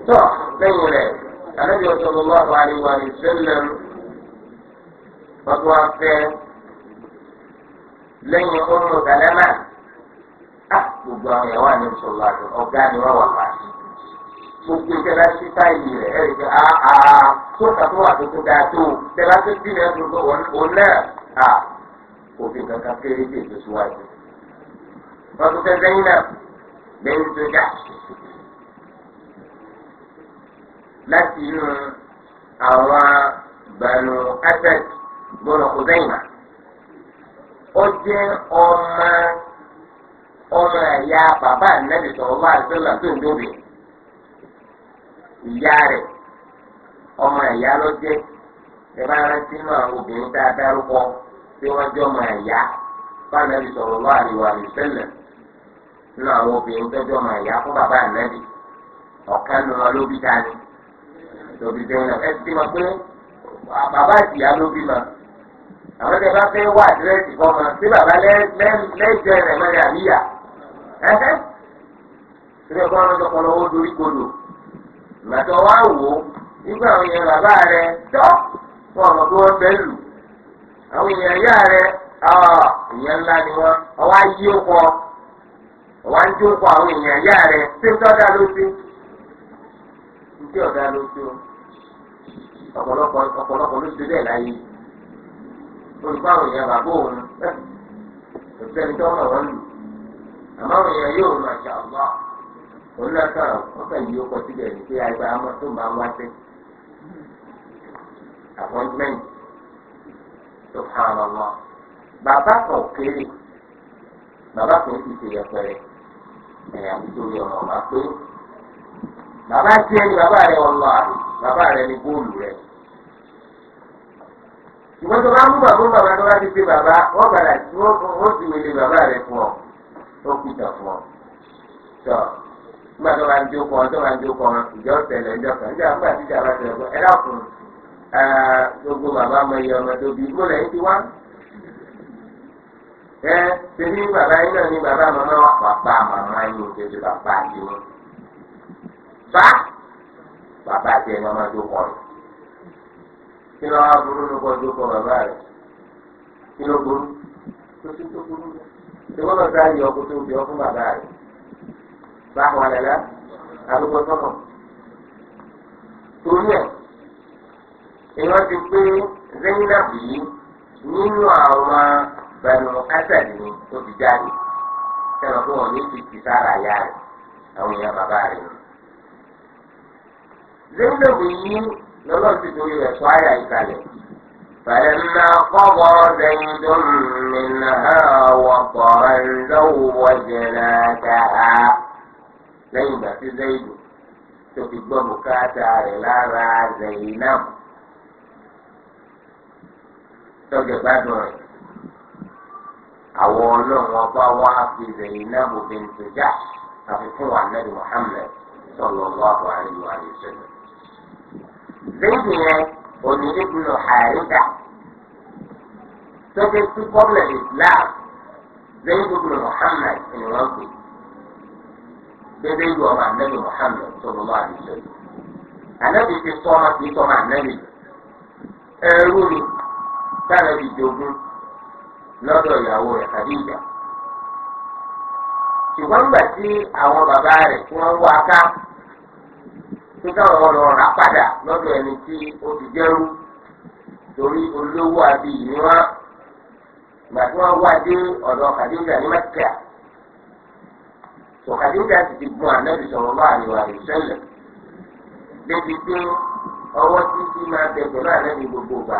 tó lẹ́yìn rẹ̀ àlejò ọ̀sọ̀rọ̀ wà wà ní wà ní sẹ́lẹ̀ wọ́n tún wá fẹ́ lẹ́yìn ọmọ sàlẹ́mà á gbogbo àwọn ẹ̀wà ní sọ̀rọ̀ àti ọ̀gá ni wọ́n wà wá gbogbo ìjọba sí táyì rẹ̀ ẹ̀rí pé àà tó kàtó wà tó tó dáa tó ìjọba tó bí lẹ́nu tó wọ́n náà à kankan kéré tó ètò wọ́n tún fẹ́ Zainab bint Jahsh láti inú àwọn Banu Asad bọ́lọ̀ Khuzaimah ó jẹ́ ọmọ ọmọ ẹ̀yà bàbá ànábì sallallahu alaihi wasallam tó ń dóbi ìyá rẹ̀ ọmọ ẹ̀yà ló jẹ́ ìbá rántí nínú àwọn obìnrin tá a dárúkọ tí wọ́n jẹ́ ọmọ ẹ̀yà fún ànábì sallallahu alaihi wasallam. nínú àwọn obìnrin tọ́jú ọmọ ìyá fún bàbá ànábì ọ̀kan nù wọn ló dání lóbi Zainab ẹ ti mọ̀ pé bàbá ìyá ma àwọn tẹ bá wá sí bàbá àníyà dorí wò ó nígbà àwọn èèyàn bàbá fún ọmọ tó lù àwọn èèyàn ìyẹn ńlá ni ayé wà ń jókòó àwọn èèyàn ìyá rẹ̀ ṣé ń tọ́da ló sí ń tí ọ̀dà ló sí o ọ̀pọ̀lọpọ̀ ọ̀pọ̀lọpọ̀ ló ti bẹ́ẹ̀ láyé olùkọ́ àwọn èèyàn bàbá òun kò sẹ́ni tó mọ̀ wọ́n lù àmọ́ àwọn èèyàn yóò mọ̀ ṣà wá òun náà sọ̀rọ̀ wọ́n fẹ́ yí síbẹ̀ ní pé àgbà ọmọ tó máa ń wá appointment tó fà wọn lọ bàbá kan kéré bàbá kan sì ṣe yẹpẹrẹ. ẹ̀yà nítorí ọ̀rọ̀ ọma pé bàbá tí ẹni bàbá rẹ ọ̀nà àrùn bàbá rẹ ni góòlù rẹ. ìwọ́n tó bá mú bàbá bàbá tó bá ti bàbá wọ́n padà tí wọ́n ti bàbá rẹ fún ọ tó kú ìjà fún ọ. tọ́ nígbà tó bá ń jó tó bá ń jó ìjọ ìjọ kan níjà nígbà tí ìjà bá ẹ dákun ẹ ṣe bàbá yín náà ní bàbá màmá wà pàpà màmá yín ṣe ṣe bàbá yín ni fa bàbá àti ẹni tó rẹ kí ló wá burú ló kọ bàbá rẹ kí ló burú tó ti tó burú ṣé lọ ọkọ tó bàbá rẹ wà àdúgbò torí bẹẹni asad ni ó fi jáde sẹwọn fún wọn ní fìtì sára ìyá rẹ àwọn èèyàn bàbá rẹ ni. zimzim yìí lọ́lọ́run ti torí rẹ̀ sọ àyà ìkàlẹ̀. فلما قضى زيد منها وطرا زوجناكها lẹ́yìn ìgbà tí zayidu tó fi gbọ́ bùkátà rẹ̀ lára zainab tọ́jú gbádùn rẹ̀ àwọn ọlọ́run ọba wa fi Zainabu bint Jahsh àti fún wa nabi Muhammad sallallahu alaihi wa sallam. Zayd yẹn òní ibnu Haritha tó fi sí pọ́blẹ̀ Islam Zayd ibnu Muhammad ni wọ́n pè bébé ìlú ọmọ anabi Muhammad sallallahu alaihi wa sallam. Anabi ti sọ́mọ́ ti sọ́mọ́ anabi ẹrú ni sáà nàbì jogún. lọ́dọ̀ ìyàwó rẹ̀ Khadija ṣùgbọ́n gbà tí àwọn bàbá rẹ̀ tí wọ́n wá ká tó táwọn lọ rà padà lọ́dọ̀ ẹni tí ó ti torí olówó abiyì ni gbà tí wọ́n wá Khadija ní Mẹ́kà tó ti gun ànábì sọ̀rọ̀ bá àríwá rẹ̀ sẹ́lẹ̀ débi pé gbogbo gbà.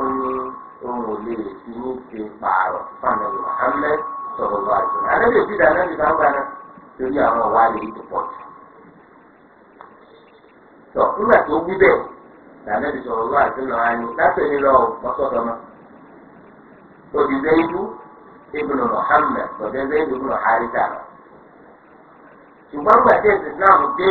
onye ní si ò lè fi ní ṣe pààrọ̀ fáwọn Muhammad sọ̀rọ̀ lọ àjọ dà torí àwọn ọ̀wá lè ti pọ̀ jù. tọ́ nígbà tó wí bẹ́ẹ̀ lànàbì sọ̀rọ̀ lọ àjọ náà á ní látẹ̀lé lọ mọ́sọ́dọ̀ náà òbí Zaidu ibnu Muhammad lọ́dẹ̀ Zaidu ibnu Haritha ṣùgbọ́n dé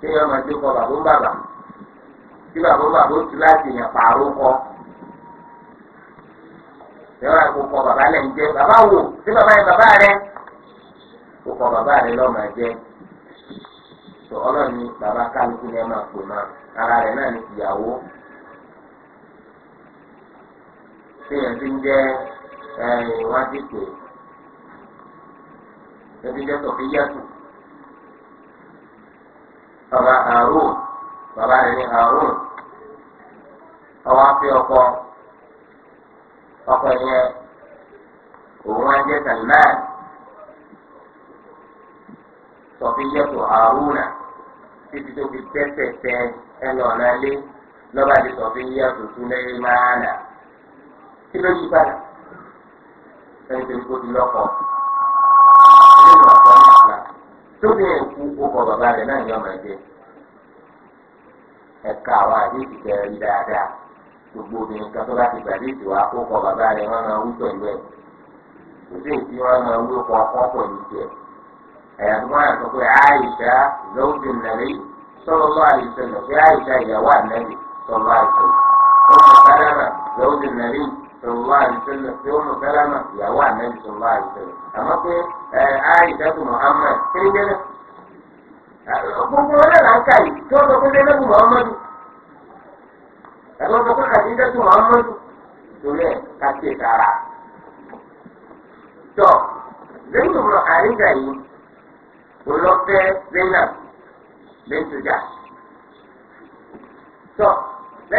ṣé yọ máa gbé kọ bàbá ń bàbá tí bàbá ń bàbá ó ti láti yàn kọ ìyàwó àgbo kọ bàbá lẹ̀ ń jẹ́ bàbá wò sí bàbá yẹn bàbá rẹ̀ kó kọ bàbá máa tó ọlọ́ọ̀ni bàbá kálukú ni ẹ máa pè máa ara náà ní ìyàwó téèyàn ti ń ẹbí bàbá Harun bàbá rẹ̀ ní Harun ọwọ́ afi ọkọ ọkọ yẹn òun á jẹ́ Salman sọfíyẹ́tò Haruna títí tó fi tẹ́sẹ̀ tẹ ẹnu ọ̀nà ilé lọ́ba di sọfíyẹ́tò túnlẹ̀ máa nà kí ló yí padà ẹni tó ti lọ́kọ̀ọ́. tóbi èkú ọkọ bàbá rẹ náà ní ọmọ ẹ̀jẹ̀ àwọn àdéhùn tẹ̀ rí dáadáa gbogbo obìnrin kan tó bá ti gbàdé ìtò àkókò bàbá rẹ̀ wọ́n máa wú pẹ̀lú ẹ̀ kò sí èyí máa wú ọkọ ọkọ wọn lọ ìyàwó sọlá ìṣẹ̀lẹ̀ pé ó mú sálámà ìyàwó ànábì sọlá ìṣẹ̀lẹ̀ àmọ́ pé ẹ àìsàtú muhammad kéńjẹlẹ gbogbo ọlẹ ń kà tí wọ́n sọ pé lẹlẹbù muhammadu ẹgbẹ́ sọ pé kàdíjẹtù muhammadu torí ẹ kàkíyè sára tọ lẹ́yìn ìmọ̀ àríjà yìí olọfẹ zainab lẹtùjà tọ ti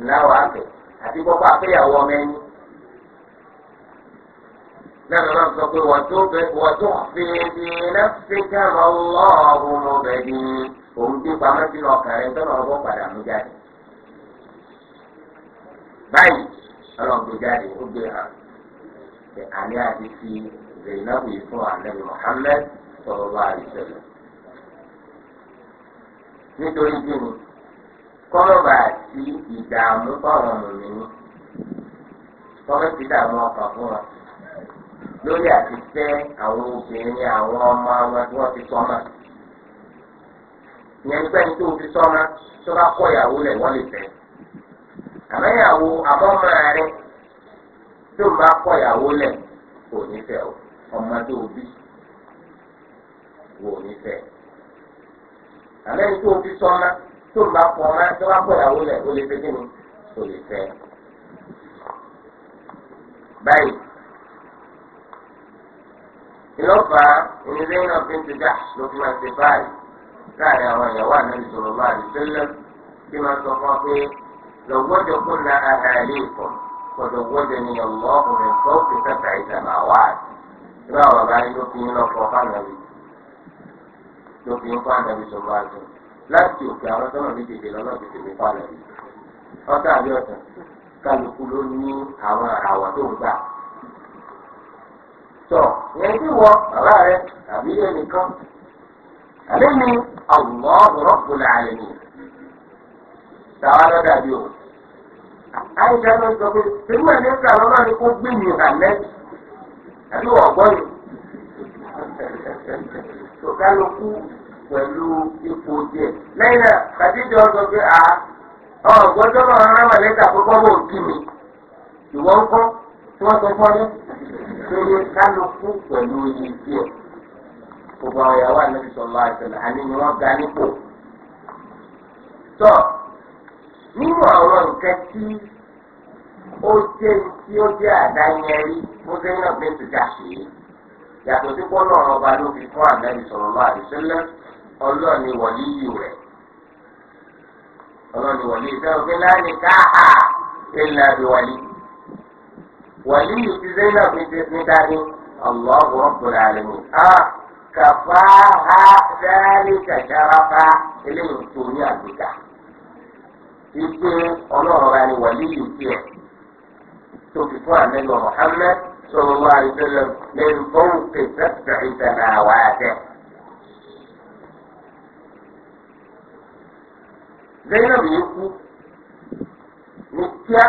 ìláwọ̀ wa àti kọ́kọ́ àfẹ́yàwó ọmọ ẹni. náà lọ́nà sọ pé wọ́n tó fi lẹ́sẹ̀ kẹ́rọ lọ́ọ̀hún ọbẹ̀ ni òun ti pamọ́ sínú ọkàn rẹ̀ tọ́nà ọgbọ́n padà mú jáde. báyìí ọlọ́gbẹ́ jáde ó gbé hàn pé àlẹ́ àti fi zainabu yìí fún anabi Muhammad sọ̀rọ̀ kọ́mọ̀bà àti ìdààmú fáwọn mòmìnì ti dààmú ọkàn fún wọn lórí àti fẹ́ àwọn obìnrin àwọn ọmọ wọn tí wọ́n ti sọ́mà ìyẹn nípa ẹni tó fi sọ́mà tó bá kọ́ ìyàwó rẹ̀ wọ́n lè fẹ́ àmọ́ ìyàwó rẹ̀ tó bá kọ́ tó bá pọ̀ ọmọ tó bá pọ̀ ìyàwó lẹ̀ ó lè fẹ́ kí ni ó lè fẹ́. báyìí ìlọ́fà ìnílé iná fi ń ti ló fi máa ṣe báyìí láàrin àwọn ìyàwó ànábi sọ̀rọ̀ na ara ilé kọ̀dọ̀ gbọ́dọ̀ ni ọ̀lọ́ ọkùnrin kọ́ fi fẹ́ta ìdàmà wá. ìgbà wà báyìí ló láti òkè àwọn sọ́nà méjèèjì lọ́nà tètè mi falẹ̀ yìí ọ̀tá àbí kálukú ló ní àwọn tó ń gbà. tọ́ yẹn tí wọ bàbá rẹ àbí ẹnìkan àbí mi Allahu dàbí o. àyíká ló sọ pé kó mi hàn gbọ́ pẹ̀lú ipò díẹ̀. lẹ́yìn na, kàdíjà ọ̀sọ̀ pé a ọ̀ gbọ́dọ̀ náà rán màlẹ́kà pé kọ́ bò kí mi ìwọ kọ́ tí wọ́n sọ fún ọ lórí kálukú pẹ̀lú iye díẹ̀. gbogbo àwọn ìyàwó àlejò àní ni wọ́n ga nípò. tọ́ nínú nǹkan tí ó jẹ́ tí ó jẹ́ àdáyẹrí náà yàtọ̀ sí ọba ló fi fún ọlọ́run ni yìí rẹ̀ ni ìfẹ́ òfin láàyè káà ilẹ̀ àbí wọ̀lí wọ̀lí yìí ti zainab ní ti ní dání ọlọ́run rabbul alamin kàfá ha dáálé kàjárafa eléyìí tó ní àgbéga ipe ọlọ́run ra ni wọ̀lí yìí tiẹ̀ tó fún àmẹ́lò Muhammad sallallahu Zainab yìí kú ní kíá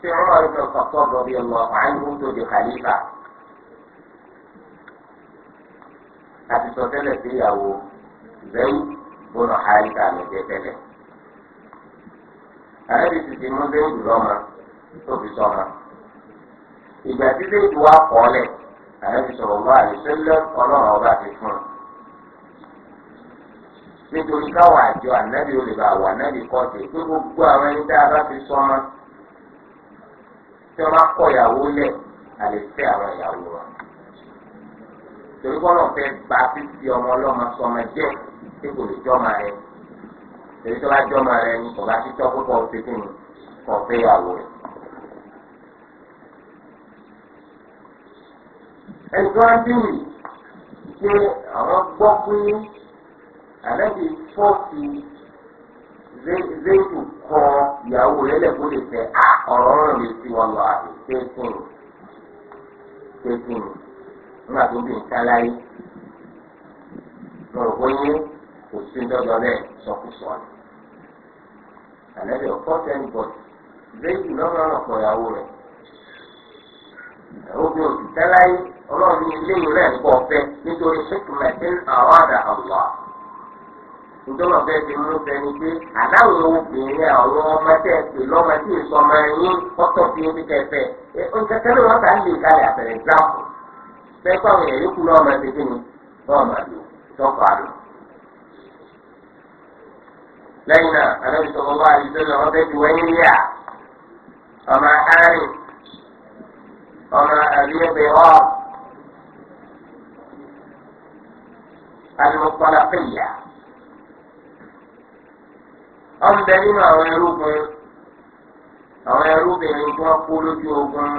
tí ọmọ rẹ̀ tó kọ̀tọ́ lórí ọmọ àìmú tó di kàlífà. Àti sọ tẹ́lẹ̀ sí ìyàwó Zain bọ́nà àìsà ló jẹ tẹ́lẹ̀. Àrẹ́bí ti ti mú Zain lọ́mọ tó fi sọ́mọ. Ìgbà tí Zain nítorí káwọn àjọ ànábì ò lè bá wà ànábì kọ́ ṣe pé gbogbo àwọn ẹni tá a bá fi sọmọ tí wọ́n bá kọ ìyàwó lẹ̀ a lè fẹ́ àwọn ìyàwó wọn. torí bọ́lọ̀ fẹ́ gba fífi ọmọ ọlọ́mọ sọmọ jẹ́ tí kò lè jọ́mọ rẹ torí tó bá jọ́mọ rẹ ni kò bá ti tọ́ púpọ̀ ṣe kí ni kò fẹ́ ìyàwó rẹ. ẹ̀sùn àbíwì ṣé àwọn gbọ́ fún yín ànábì fọ́ọ̀sì zéètù kọ ìyàwó rẹ̀ lẹ́kọ̀ọ́ lè fẹ́ ọ̀rọ̀ ọ̀rọ̀ lè ti wọn lọ àbí tẹ́kìn tẹ́kìn nígbà tó ń bí nǹkan láyé mo rò bóyá kò sí dọ́dọ̀ bẹ́ẹ̀ sọkúsọ ni ànábì ọ̀kọ́ sẹ́ni bọ̀dì zéètù lọ́nà ọ̀nà kọ ìyàwó rẹ̀ obìnrin òsì tẹ́láyé ọlọ́run ní ilé ìrẹ́ nǹkan ọ̀fẹ́ nítorí ṣètùmẹ̀ tí ń ìjọba fẹ́ fi mú sẹ́ni pé àdáwọn obìnrin àwọn ọmọ tẹ̀ pé lọ́mọ tí èso ọmọ yín kọ́tọ̀ fi ń tẹ̀ fẹ́ nǹkan kan náà wọ́n ń lè kalẹ̀ àtẹ̀rẹ̀ gbáàpù fẹ́ kó àwọn èèyàn yókù lọ́mọ ti kí ni lọ́mọ lò tọ́kọ̀ àlọ́. lẹ́yìn náà anábì sọ̀rọ̀ wá àdìsọ lọ wọ́n fẹ́ fi ọmọ ọmọ àbíyẹ̀bẹ̀ wọn bẹ nínú àwọn ẹrúgun àwọn ẹrúbìnrin tí wọn kú lójú ogun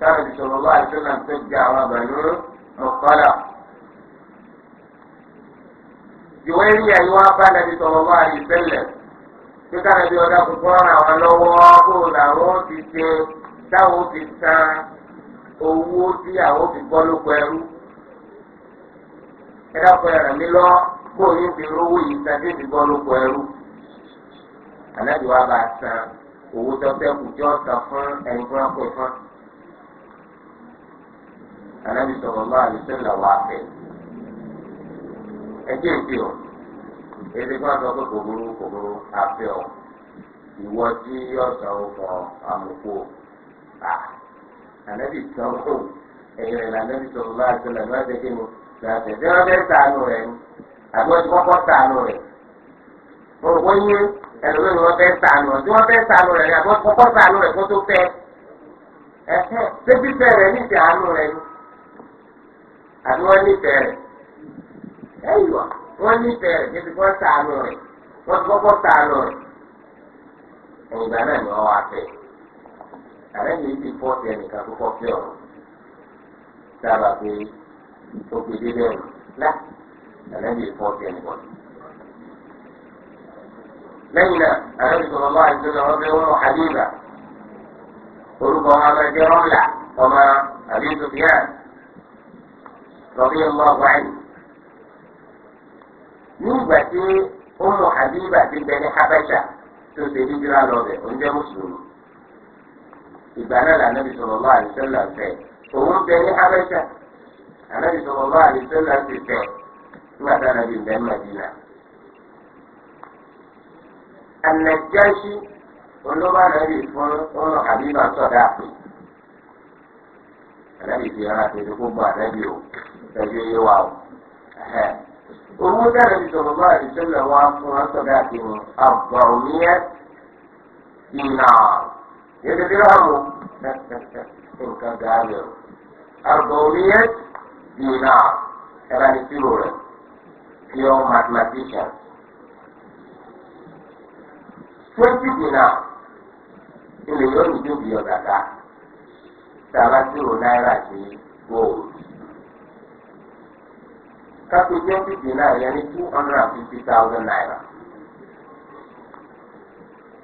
táwọn ìṣòro bá àìsàn àti ọjà àwọn àbànú mọkànlá. ìwé rí ẹ̀yìn wá bá nàbí sọ̀rọ̀ wá ìṣẹ̀lẹ̀ tí káàbí ọ̀dà kúkú ràn àwọn lọ́wọ́ kó làwọn ti ṣe táwọn ti san owó tí àwọn fi gbọ́ lóko ẹrú. ẹ dákun ẹ̀ràn mi lọ kó o ní fi owó yìí san tí lóko ẹrú ànábì wa bá san owó tọ́tẹ́ kù tí wọ́n san fún ẹni tí wọ́n pè fún. ànábì sọ̀rọ̀ lọ́wọ́ àlùsẹ́lẹ̀ wà fẹ́. ẹjẹ́ ìpè ọ́ èdè kan sọ pé kò burú kò burú àfẹ́ ọ́ ìwọ tí yóò san owó fún à ànábì san owó ẹ̀yìn rẹ̀ lànàbì sọ̀rọ̀ lọ́wọ́ àlùsẹ́lẹ̀ wọ́n ti kí ni gbàgbé fẹ́ sànù rẹ̀ ni àbí wọ́n sànù rẹ̀ mo ẹlòmíì ni wọ́n fẹ́ sànù tí wọ́n fẹ́ sànù rẹ̀ ni àbọ̀ kọ́kọ́ sànù rẹ̀ kó tó fẹ́ ẹ̀hún ṣé fífẹ́ rẹ̀ nífẹ̀ẹ́ àánú rẹ̀ ni àbí wọ́n nífẹ̀ẹ́ rẹ̀ ẹ̀yọ̀ wọ́n nífẹ̀ẹ́ rẹ̀ níbi wọ́n sànù rẹ̀ wọ́n kọ́kọ́ sànù rẹ̀ ẹ̀yìn ìgbà náà ni wọ́n wá fẹ́ àlẹ́yìn ti fọ́ ti ẹnìkan tó kọ́ fẹ́ ọ̀rọ̀ sábà pé ó gbé dé bẹ́ẹ̀ rẹ̀ lá àlẹ́yìn fọ́ ti ẹnìkan lẹ́yìn náà àrẹ́bí sọ̀rọ̀ lọ́wọ́ àìsílẹ̀ Habiba orúkọ ọmọ ẹgbẹ́ rọ́ńlà ọmọ àbí Sufyan radiyallahu anhu. ní tí ọmọ Habiba ti bẹ ní Habasha tó ṣe hijira lọ́bẹ̀ oúnjẹ Ànàjáṣí olóba nàbì fún ọ̀rọ̀ àbíbà sọ̀dá pé ànàbì fi ara tètè gbogbo ànàbì o ìtọ́jú yé wa o. Owó dára ti sọ̀rọ̀ bá àdìsọ́lẹ̀ wa fún ọ̀sọ̀dá pé ní àgbọ̀nmíyẹ́ dìnnà yé tètè rà mú nǹkan gàárì o. Àgbọ̀nmíyẹ́ dìnnà ẹ̀rọ ni sírò rẹ̀ pure mathematicians. twenty dinar ilé yóò ní ju bí ọ̀dà ká tá a bá zero náírà sí gold kápẹ́ twenty dinar yẹn ní two hundred and fifty thousand naira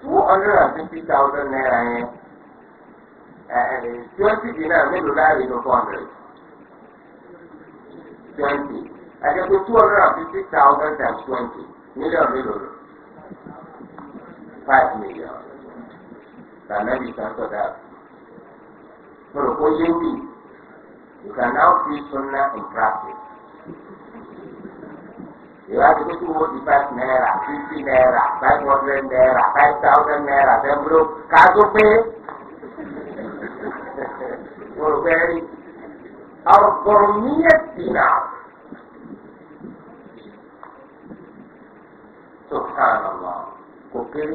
two hundred and fifty thousand naira yẹn twenty dinar mélòó láàrin ní four hundred twenty àjẹpẹ́ two hundred and fifty thousand times twenty mílíọ̀nù mélòó five million lànàbì kan sọ̀dà kúrò kó yé bì you can now see sunna in practice ìwádìí tó tún wọ́n di five naira fifty naira five hundred naira five thousand naira fẹ́múlò káàtó pé kúrò bẹ́ẹ̀rì ọ̀gbọ̀nmíyẹ̀ dìnnà. Subhanallah kò kéré.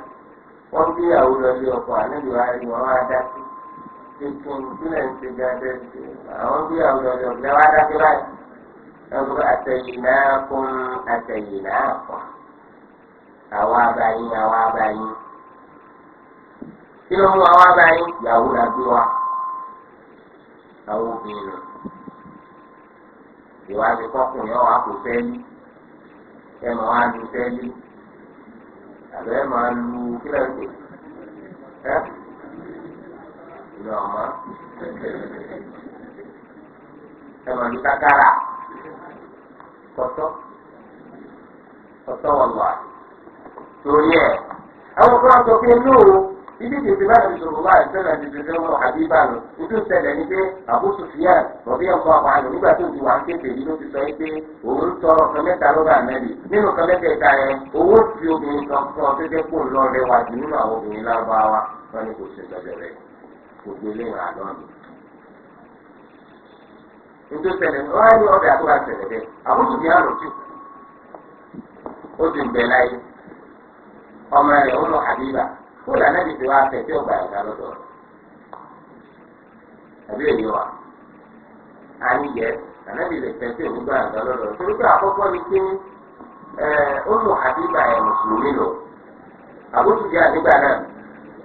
wọ́n gbé ọkọ̀ àlejò ayé wọn wá dá sí tuntun sílẹ̀ ń ṣe gàdẹ́ sí àwọn gbé ìyàwó lọ sí ọkọ̀ lẹ́wọ́ adájọ́ báyìí ẹgbẹ́ àtẹ̀yìn náà fún àtẹ̀yìn náà fún àwọn abayín àwọn abayín kí ló mú àwọn abayín ìyàwó la gbé wa àwọn obìnrin ìwádìí kọkùnrin ọ̀ wá ẹ̀ mọ̀ àbẹ́ máa lu kílẹ̀kì ẹ́ ìlú ọ̀ma ẹ máa lu kákàrà kọ́tọ́ kọ́tọ́ wọ̀lọ́à torí ẹ̀ àwọn kan sọ pé lóòó. ibi tètè bá nàbì sọ̀rọ̀ wá ìṣẹ̀lẹ̀ tètè fẹ́ ndị àbí bá lọ ojú ìṣẹ̀lẹ̀ ni pé Abu Sufyan rọ̀bí ọkọ̀ àwọn àlọ́ nígbà tó ti wà ń kéde yìí ló ti sọ yìí pé òun mẹ́ta nínú yẹn owó ti obìnrin kan fún ọ tẹ́tẹ́ kó lọ rẹ jù nínú àwọn obìnrin wọn ni kò kó lànà tètè wá tí ó gbà ẹ̀ka lọ́dọ̀ wa a ní yẹ lànà tètè fẹ́ tí òun gbà ẹ̀ka lọ́dọ̀ torí pé àkọ́kọ́ ni pé ó mú àdìgbà ẹ̀ mùsùlùmí lọ àbótú jẹ́ àdìgbà náà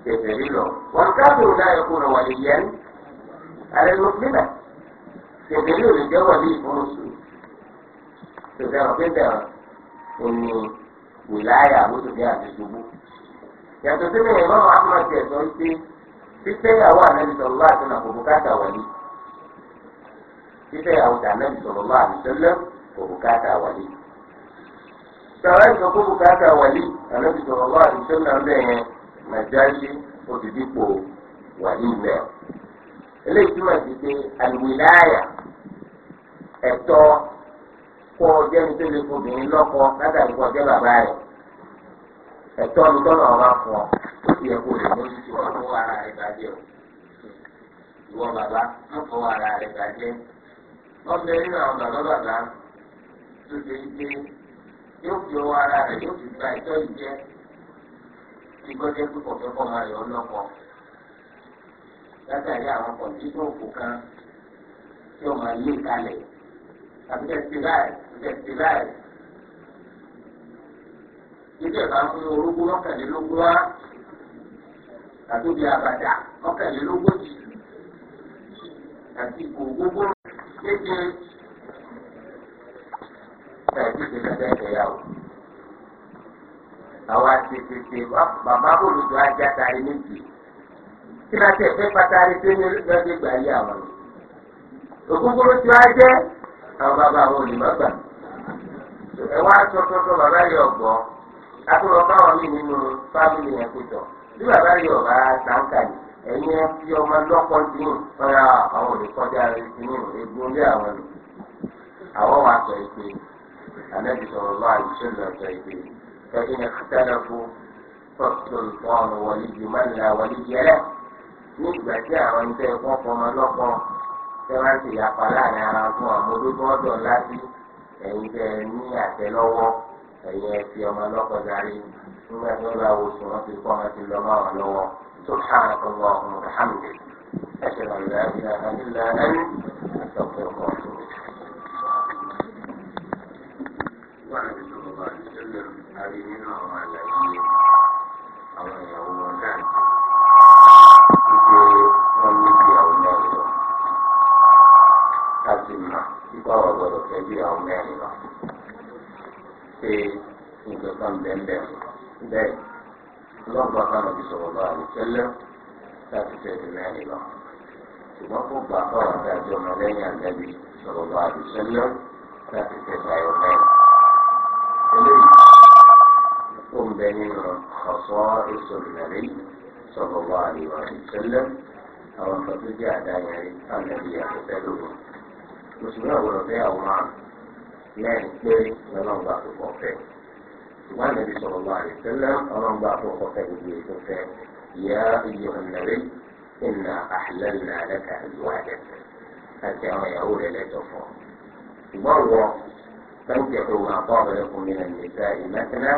tètè rí lọ wọn káàbọ̀ láyọ̀ kó lọ wà lè yẹn alẹ́ mùsùlùmí tètè rí òun jẹ́ wọlé ìfọ̀mùsùlùmí tètè rọ̀ yàtọ̀ sílẹ̀ ìmọ̀mù ahmed ti ẹ̀sọ́ wípé fífẹ́ ìyàwó ànábì sọ̀rọ̀ àti nàkókò káàtà wọlé fífẹ́ ìyàwó ànábì sọ̀rọ̀ àti sọ̀lẹ̀ kókò káàtà wọlé. sọ̀rọ̀ ìsọ kókò káàtà wọlé ànábì sọ̀rọ̀ àti sọ̀lẹ̀ ń bẹ̀yẹn màjáyé òdìdípò wàlí mẹ́. eléyìí túmọ̀ sí pé àlùwìláyà ẹ̀tọ́ kọ́ ọjọ́ nítorí obìnrin lọ́kọ ẹ̀tọ́ ni tọ́lọ̀ ọba fún ọ ó sì yẹ kó lè mójú tó wọn fọwọ́ ara rẹ bàjẹ́ o ìwọ bàbá wọn fọwọ́ ara rẹ bàjẹ́ ọbẹ̀ nínú àwọn bàbá bàbá tó ṣe ń gbé yóò fi ọwọ́ ara rẹ yóò fi gba ẹ̀tọ́ yìí jẹ́ tí gbọ́dọ̀ púpọ̀ fẹ́kọ̀ máa yọ ọlọ́kọ̀ látàrí àwọn kọ̀ǹtíṣọ̀ òkú kan tí ọmọ yìí kalẹ̀ àbíkẹ́ ti báyìí àbíkẹ́ ti báyìí. níbi ìbá fún orúkún mọ́kànlélógún wá àtòbí àbàdà mọ́kànlélógójì àti ìkò gbogbo kéde ẹ̀ẹ́dì ìdílé ẹ̀yàwó. Àwọn àtẹ̀tẹ̀tẹ̀ bàbá olùdó ajá tari méjì. Kí tẹ̀ fẹ́ tó gbà àwọn tí jẹ́ àwọn bàbá àwọn olùmọ̀gbà. Ẹ wá sọ bàbá yìí ọ̀gbọ́n. akúrò káwọn mí nínú fámìlì yẹn péjọ bí bàbá yìí ọba sáńkà yìí ẹ̀yin fi ọmọ lọ́kọ̀ sí ní ọ̀yà àwọn olùkọ́jà rẹ̀ sí ní egun lé àwọn rẹ̀ àwọn wa sọ ìpè ànábì sọ̀rọ̀ lọ́wọ́ àyíṣẹ́ lọ sọ ìpè ẹ̀yin ẹ̀kútẹ́lẹ̀ fún pọ̀tùlù fọ́ọ̀n wọlé ju mẹ́lẹ̀ wọlé yẹlẹ̀ nígbà tí àwọn ń tẹ́ ẹ̀kọ́ fọmọ lọ́kọ̀ tẹ́ wá ara fún àwọn ológun láti ẹ̀yin tẹ́ ní àtẹ́lọ́wọ́ ẹ̀yẹ fi ọmọ lọ́kọ̀ darí nígbà tó bá wo sùn wọ́n ti kọ́ wọn ti lọ mọ́ àwọn lọ́wọ́ سبحانك اللهم وبحمدك أشهد أن لا إله إلا أنت أستغفرك وأتوب Thank you pé nǹkan kan bẹ́ẹ̀ bẹ́ẹ̀ lọ́gbà kan òbí sọ̀rọ̀ bá àlùfẹ́lẹ́ láti tẹ̀lé mẹ́rin lọ. ṣùgbọ́n kó gbà fáwọn adájọ́ ọmọ lẹ́yìn àgbẹ̀bí sọ̀rọ̀ bá àlùfẹ́lẹ́ láti tẹ̀lé ayọ̀ mẹ́rin. eléyìí ó ń bẹ nínú ọ̀sọ́ èso ìrìnàlẹ́ sọ̀rọ̀ bá àwọn kan tó jẹ́ àdáyẹ̀rí àmẹ́rí àtẹ̀tẹ̀ ìyẹn ni pé ọlọ́ngbà tó kọ̀ fẹ́ ṣùgbọ́n àlejò sọ̀rọ̀ lọ́wọ́ àdìsẹ́lẹ̀ ọlọ́ngbà tó kọ̀ fẹ́ gbogbo ètò fẹ́ ìyá iye ọ̀nàrẹ́ ìnà àhìlẹ́lẹ̀ àlẹ́kà ìwádẹ̀ àti àwọn ìyàwó rẹ̀ lẹ́tọ̀ fọ́ ṣùgbọ́n wọ fẹ́ǹkẹ̀ tó wà kọ́ ọ̀rẹ́ fún mi nà nìta ìmẹ́tẹ́lẹ́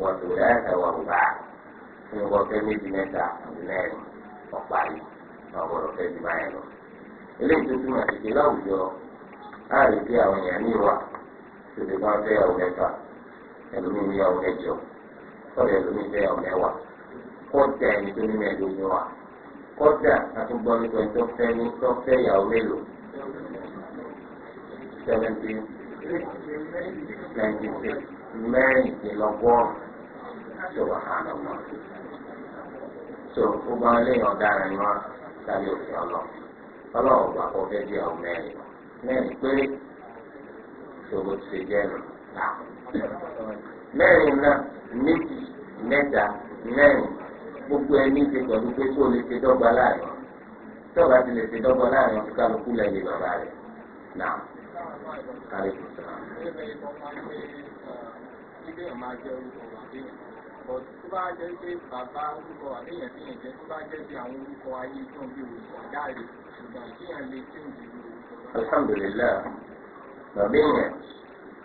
wọ̀ tó lẹ́tẹ̀ wọ̀ rúbà fún wọn fẹ́ méjì mẹ́ta mẹ́rin ọ̀pá yìí ọ̀gbọ̀dọ̀ fẹ́ ju báyìí lọ eléyìí tó túmọ̀ àti tètè kan fẹ́ yàwó mẹ́fà ẹlòmíì ní yàwó mẹ́jọ sọ̀rọ̀ ẹlòmíì fẹ́ yàwó mẹ́wàá kọ́dà ẹni tó ní mẹ́ẹ̀ẹ́dógún wa kọ́dà àtúgbọ́n nípa ẹni tó fẹ́ ní tó fẹ́ yàwó mélòó seventy ninety six mẹ́rìndínlọ́gbọ́n ṣọ̀rọ̀ àná wọn. gbogbo àwọn eléyìí ni wọ́n sábẹ́ òfin ọlọ́ọ̀ ọlọ́ọ̀ gbàgbọ́ bí àwọn mẹ́rin mẹ́rin péré tòrò ṣe jẹ́ nù. mẹ́rin náà méjì mẹ́ta mẹ́rin gbogbo ẹni ṣe pẹ̀lú pé tó lè ṣe dọ́gba láàrin tọ́ba ti lè ṣe dọ́gba láàrin ọtí kálukú lẹ́yìn bàbá rẹ̀ náà kárí sọ. Tó bá bàbá èèyàn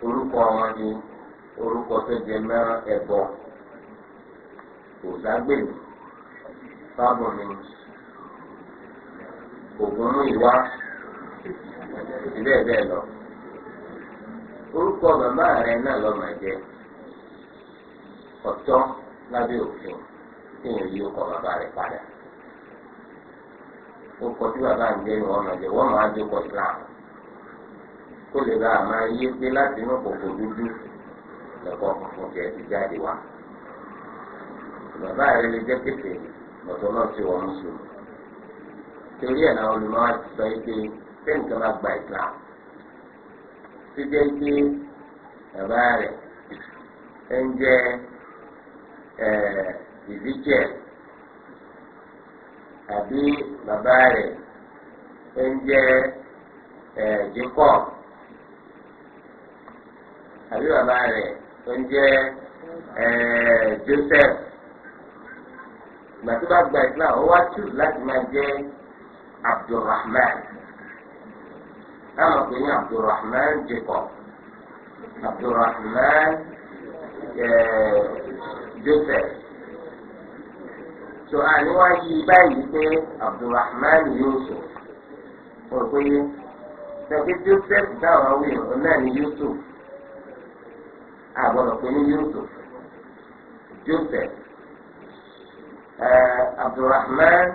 orúkọ wọn ni orúkọ tó jẹ mọ́ ẹ̀bọ òdágbèmí fábùnmi ògúnmú ìwá àti bẹ́ẹ̀ bẹ́ẹ̀ lọ orúkọ bàbá rẹ náà lọ máa jẹ òfin yí ọkọ bàbá rẹ padà tí bàbá ń jẹ ni máa kó lè bá a máa yé pé láti inú kòkò dúdú lẹ́kọ̀ọ́ funfun tiẹ̀ ti jáde wá. bàbá rẹ lè jẹ́ kékeré lọ́tọ́ náà ti wọ́n sùn. torí ẹ̀ náà olùmọ̀ á ti sọ pé sẹ́nìkan bá gba ìgbà tó jẹ́ pé bàbá rẹ̀ ń jẹ́ ìdíjẹ́ àbí bàbá rẹ̀ ń jẹ́ Jacob. àbí bàbá rẹ̀ tó ń jẹ́ Joseph ìgbà gba Islam ó wá tù láti máa jẹ́ Abdulrahman táwọn pè Abdulrahman Jacob Abdulrahman eh, Joseph so àníwájú báyìí pé Abdulrahman Yusuf wọn pé sọ pé Joseph dáhùn ni Yusuf. àgbọ̀dọ̀ pé ní Yusuf Joseph Abdulrahman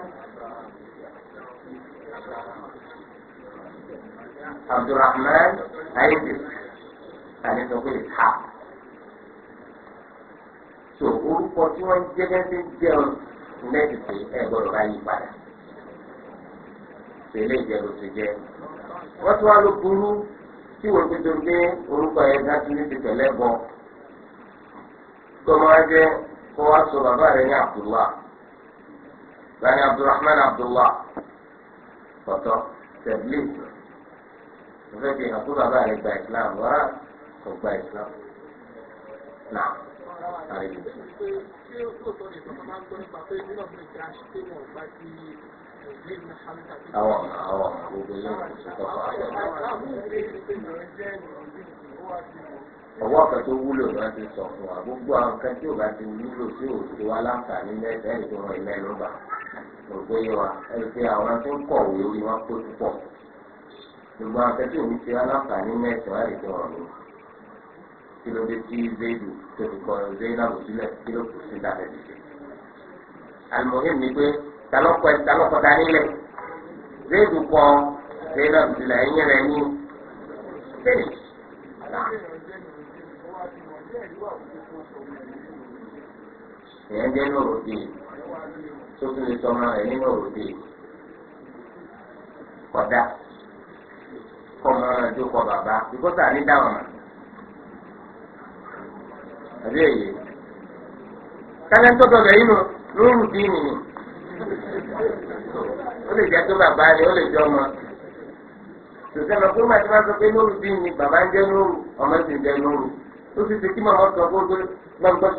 Abdulrahman Ayédè àdìsọ́kè ha so orúkọ tí wọ́n jẹ́ gẹ́gẹ́ jẹun lẹ́sìtì ẹ̀ gbọ́dọ̀ bá yí padà tẹ̀lé ìjẹ́ ló ti jẹ́ wọ́n tún wá ló burú. tí wọ́n ti tó pé orúkọ yẹn dá sí ní ti tẹ̀lé bọ̀ kọ́mọ́ ẹgbẹ́ kó wá sọ bàbá rẹ̀ ní Abdullah bani Abdulrahman Abdullah pọ̀tọ́ tẹ̀blé ìfẹ́ fi hàn kó bàbá rẹ̀ gba Islam gba Islam awam awam gogoyin ọwọ́ ọ̀kan tó wúlò náà ti sọ fún wa gbogbo àwọn kan tí ò bá ti tí ti wá láǹfààní lẹ́sẹ̀ tó ràn ilẹ̀ wa ẹni pé àwọn tó ń kọ̀wé orí wọn púpọ̀ gbogbo àwọn kan tí ní ti wá láǹfààní lẹ́sẹ̀ tó ràn mí kí ló dé tí zéèdù tó talọkọ talọkọ dání lẹ zeyidu kọ zeyidu abudulayi ẹ̀yìn rẹ̀ ní sẹni. ìyẹn jẹ́ lóru dé tuntun lè sọmọ rẹ̀ ní lóru dé kọdá kọmọ rẹ̀ tó kọ bàbá ìkọsà ní dáhùn àbí èyí kálẹ̀ ń tọ́jọ́ bẹ̀ yín lóru dé nìyí ó lè jẹ́ pé bàbá rẹ̀ ó lè jẹ́ ọmọ sọsẹ́nà pé màtí wọ́n sọ pé lóru bí ni bàbá ń jẹ́ lóru ọmọ sì ń jẹ́ lóru ó sì ti kí màmá sọ pé gbọ̀ngbọ̀n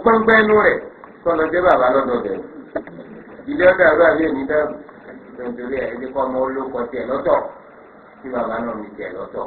gbọ̀ngbọ̀n inú rẹ̀ kọ́nà jẹ́ bàbá lọ́dọ̀ rẹ̀ ìdílé ọ̀dọ̀ àbúrò àbí èmi dẹ́rù nítorí ẹ̀ ẹ́ dẹ́kọ́ ọmọ olóko tiẹ̀ lọ́tọ̀ tí bàbá náà mi tiẹ̀ lọ́tọ̀.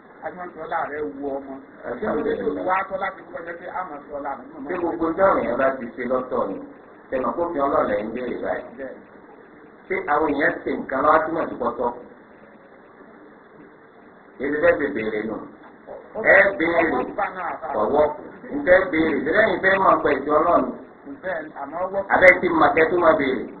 agbọ́nsọ́lá rẹ̀ wu ọmọ. Ṣé òde tó wá tọ́ láti kọ́ ẹ pé àmọ̀ sọ́lá rẹ̀? Ṣé gbogbo dáhùn yẹn bá ti ṣe lọ́tọ̀ ni? Ṣèmọ̀ kó fi ọlọ́ọ̀lẹ̀ ń béèrè báyìí. Ṣé àwọn èèyàn ṣe nǹkan lọ́wọ́ tí wọ́n ti pọ́tọ́? Èdè bẹ́ẹ̀ ti béèrè nù. Ẹ béèrè ọ̀wọ́. Ǹjẹ́ béèrè? Ṣé lẹ́yìn fẹ́ mọ̀ pẹ̀ jọ náà ni? ti mọ̀ tó máa béèrè.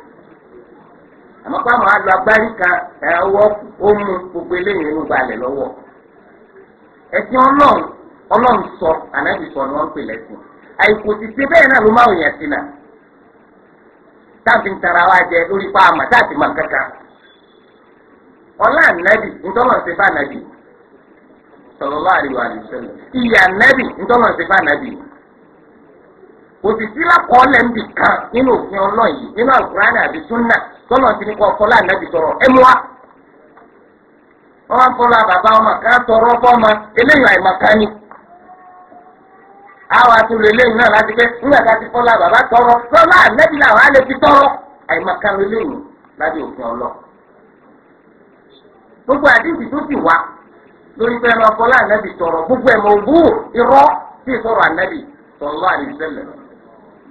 àmọ́ káwọn á lọ agbárí gbogbo eléyìí ló balẹ̀ lọ́wọ́ ẹ̀sìn ọlọ́run sọ ànábì sọ ni wọ́n ń pè lẹ́sìn àìkò sì ṣe bẹ́ẹ̀ náà ló máa yàn sí náà ń tara wa jẹ lórí pa àmà táàbí máa kankan ọlá ànábì ṣe ànábì òsìsí lákọọ́lẹ̀ ń bì kan nínú òfin ọlọ́ọ̀ yìí nínú àgùránì àbí súnà ti ní kọ́ tọrọ ẹ mú wa. wọ́n máa ọmọ kan tọrọ fọ́ọ̀mọ eléyìí àìmọ̀kan ni. àwọn eléyìí náà láti pé a ti fọlọ́ bàbá tọrọ lọ́lá ànẹ́bí làwọn á lè fi tọrọ lábẹ́ òfin gbogbo tó wá lórí pé tọrọ gbogbo ẹ̀ mọ̀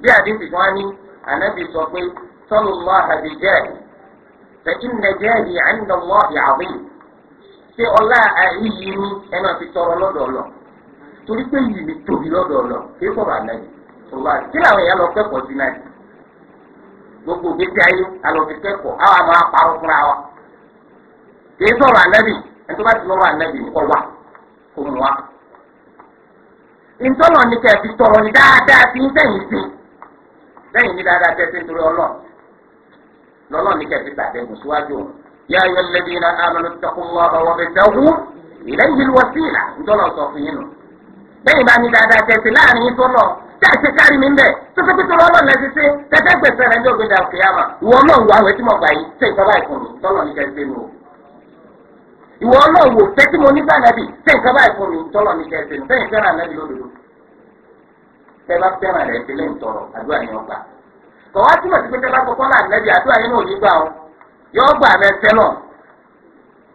bí àdìsí kan á ní ànábì sọ pé sọlù lọ àbí jẹ́ẹ̀dì fẹ́ ìnà jẹ́ẹ̀dì àìnà lọ ìyàwó yìí ṣé ọlá àìyí ni ẹ máa tọrọ lọ́dọ̀ lọ torí pé yìí mi tóbi lọ́dọ̀ lọ kí ó sọ̀rọ̀ kí làwọn èèyàn lọ kẹ́kọ̀ọ́ sí gbogbo gbèsè ayé alọ́fi kẹ́kọ̀ọ́ fúnra wa ẹni tó bá ti lọ́rọ̀ lẹ́yìn ní dáadáa tẹ́sí nítorí ọlọ́ọ̀ lọ́lọ́ọ̀ ní kẹ́sì sàdéhùn síwájú òun. yá ya lẹ́bí iná amẹ́nu tẹkùnlọ́ ọ̀rọ̀ bẹ tẹ́wú ìlẹ́yìn ìlú wọ́síìlà ńtọ́lọ̀ sọ fún yín nù. lẹ́yìn bá ní dáadáa ya láàrin yín tọ́lọ̀ tẹ́sí kárí mi bẹ́ẹ̀ tókòtò lọ́lọ́ lẹ́sí sí tẹ́tẹ́ gbèsè rẹ̀ ńjọ́ ìwọ wà tí mo gbà mi ní nù. ìwọ wò mo nàbì mi ní nù tẹ́lá fẹ́ràn rẹ̀ tẹ́lẹ̀ ń tọrọ àdúrà yẹn ọgbà. kọ̀ wá túmọ̀ sí pé tẹ́lá kọ́kọ́ náà nẹ́bí àdúrà yẹn náà ò ní gbà ọ́ yọ ọgbà rẹ̀ tẹ́lọ̀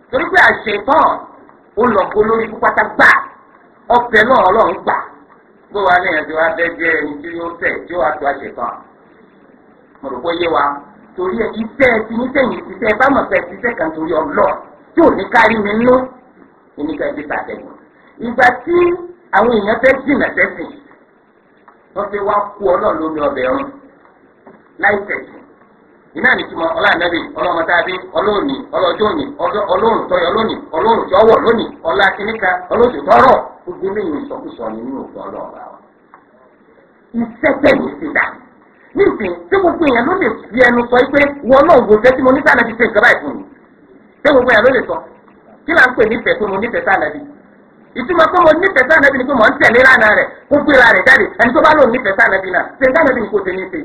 torí pé àṣetọ́ olùkọ́ lórí pípátá gbà ọbẹ̀ náà ọlọ́run gbà gbé wa ní ẹ̀jọ̀ abẹ́ jẹ́ ẹni tí yóò tẹ̀ tí ó wá tó àṣetọ́ mo rò pé yé wa torí ẹ iṣẹ́ ti ní sẹ́yìn ìṣiṣẹ́ bá mọ̀ pé ìṣiṣẹ́ kan torí ọlọ́ tí ò ní kárí mi nú ìníkà ìdí sàtẹ̀gùn ìgbà tí àwọn èèyàn fẹ́ jìnà sẹ́sìn wọ́n fi wá kú ọlọ́run lómi ọbẹ̀ ọ̀run láì tẹ̀sí iná nìtumọ̀ ọlọ́ànẹ́bí ọlọ́mọdábí ọlọ́ọ̀nì ọlọ́jọ́ọ̀nì ọlọ́ọ̀ntọ́yọ̀ lónìí ọlọ́ọ̀ntọ́wọ̀ lónìí gbogbo ní tí gbogbo èèyàn ló lè fi ẹnu sọ pé náà wò fẹ́ tí mo nífẹ̀ẹ́ ìtumọ̀ pé mo nífẹ̀ẹ́ sáà nàbí ni pé mo ń tẹ̀lé lánàá rẹ̀ kó gbéra rẹ̀ jáde ẹni tó bá lò nífẹ̀ẹ́ sáà nàbí náà ṣe sáà nàbí ni kò ṣe ní ṣe.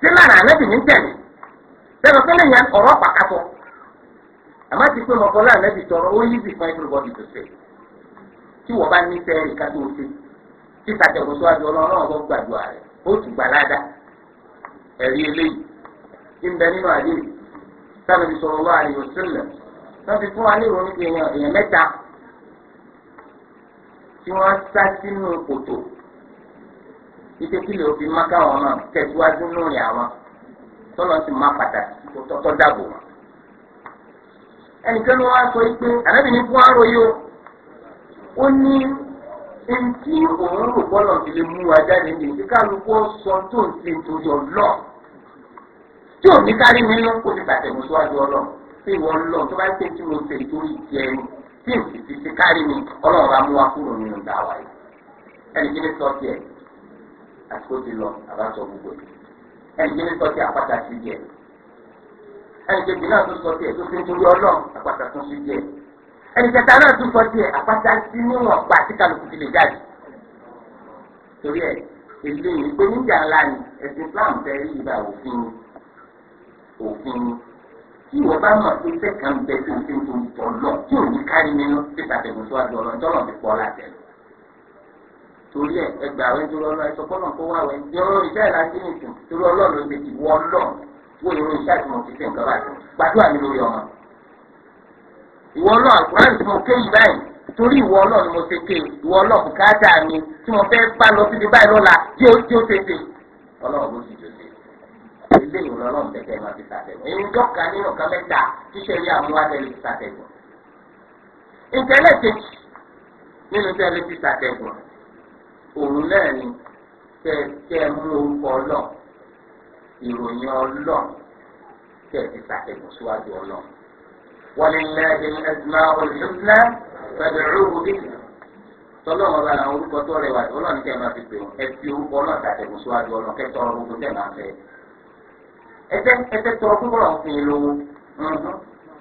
ṣé lánàá nàbí ní tẹ̀lé bẹ́ẹ̀ pé lẹ́yìn ọ̀rọ̀ pàkàtọ̀ àmọ́ ti pé mọ̀kọ́ lánàá nàbí tọrọ ó yíbi fún everybody to say tí wọ́n bá nífẹ̀ẹ́ rẹ̀ kájú ó ṣe tí sàjọ̀kọ̀ síwájú ọlọ́run ọ̀gbọ́n gbàdúrà rẹ̀ ó tún gbà ládàá ẹ̀rí eléyìí ń bẹ nínú àdéhùn sábẹ́ni sọ̀rọ̀ wá àríwọ̀ sílẹ̀ wọ́n fi fún wa ní ìròyìn pé èèyàn mẹ́ta tí wọ́n sá sínú kòtò títí kí lè fi má káwọn náà tẹ̀síwájú lórí àwọn tọ́lọ́ sì má pàtàkì tọ́tọ́ dàbò wọn. ẹnìkan ló wá sọ pé ànábì ní fún àrò yìí ó ní ntí òun rò bọ́lọ̀ fi lè mú wa jáde ní ìdíkàlùkù sọ tó ń ṣe torí ọlọ́ọ̀ tí ò ní kárí nínú kò ní bàtẹ̀ mọ́tò àjọ pé wọ́n lọ tó bá yẹ pé tí mo ṣe ìtòrí tiẹ̀ ni tí n sì ti ṣe kárí mi ọlọ́run bá mú wa kúrò nínú dáwà yìí ẹnì kí ni sọ tiẹ̀ àsìkò ti lọ àbá sọ gbogbo yìí ẹnì kí ni sọ tiẹ̀ àpáta sí tiẹ̀ ẹnì kejì náà tún sọ tiẹ̀ tó fi ń torí ọlọ́run àpáta tún sí tiẹ̀ ẹnì kẹta náà tún sọ tiẹ̀ àpáta sí níwọ̀n pa tí kálukú ti lè jáde torí ẹ̀ èlé ìpèníjà ńlá ni ẹ̀sìn tí ìwọ bá mọ̀ pé iṣẹ́ kan bẹ tó ń ṣe tó ń tọ̀ lọ tí ò ní kárí nínú tí ìtàkùn tó àjọ ọ̀nà tọ́lọ̀ fi pọ̀ láti ẹ̀. torí ẹ ẹgbà rẹ dúró ọlọ́ ẹsọ kọ́nà kó wà wẹ yọrọ iṣẹ́ ìlàjì nìkan torí ọlọ́run ti ti wọ ọlọ́run wo ìró iṣẹ́ àti mo ti ṣe nǹkan báyìí gbàdúrà mi lórí ọmọ. ìwọ ọlọ́run àkùrán ti mo ké yìí báyìí torí ìwọ ọlọ́run ni mo ṣe ké ìwọ ọlọ́run káàtà mi tí mo fẹ́ bá lọ síbi báyìí lọ́la tí ó tí ó ṣe ọlọ́run ló ti ṣe ilé ìwòrán ọlọ́run tẹ̀tẹ̀ máa fi sàtẹ̀gùn èyí ń dọ́ka nínú kan mẹ́ta tíṣẹ́ rí àwọn adẹ́lẹ̀ fi sàtẹ̀gùn. ìtẹ́lẹ̀ kejì nínú tẹ́lẹ̀ fi sàtẹ̀gùn òun náà ni kẹ́ ẹ mú orúkọ ọlọ́ ìròyìn ọlọ́ kẹ́ ẹ fi sàtẹ̀gùn síwájú ọlọ́ walillahi al-asma'ul husna fad'uhu biha tọ́lọ́mọ bá làwọn orúkọ tó rẹwà ọlọ́ọ̀ni kẹ́ máa fi pè wọ́n ẹ fi orúkọ náà sàtẹ̀gùn síwájú ọlọ́ kẹ́ tọrọ gbogbo máa fẹ́ ẹsẹ ẹsẹ tọrọ púpọ̀ mhm. àwọn fún yín lówó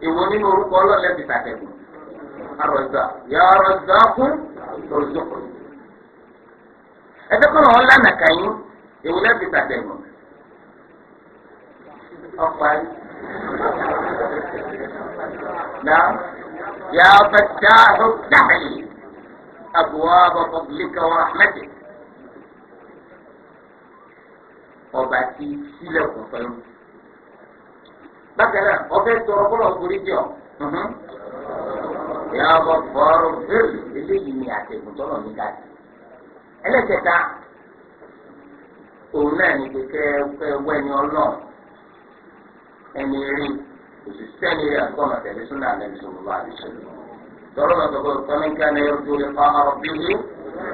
ìwọ nínú orúkọ ọlọ́lẹ̀ ti sàkẹ́kù arọ̀dà yà arọ̀dà fún rọ̀dọ̀kọ̀ ẹsẹ kọ́nà ọ̀la nàkà yín ìwọ lẹ́bi sàkẹ́kù ọ̀pá yìí nà yà bàtà ọ̀dàmì àbúwá bàbá bìlíkà wà mẹ́tẹ̀ ọba ti sílẹ̀kùn fẹ́ràn bákan náà ọfẹ tọrọ kọlọ ọkùnrin jọ mhmm. ìyá ọkọ fọọrọ bẹẹlí eléyìí ni àtẹkùn tọrọ mi ga jù ẹlẹ́kẹta òun náà ní kékeré ẹwẹ ni Ọlọ́run ẹni rí òṣìṣẹ́ ni rí àkọ́ màtẹ̀lẹ́ súnà àlẹ́ sọ̀rọ̀ bá àbí sọ̀rọ̀ tọrọ náà tọkọ kọ́mí kánà yóò tó lè pa ọ̀rọ̀ bíbí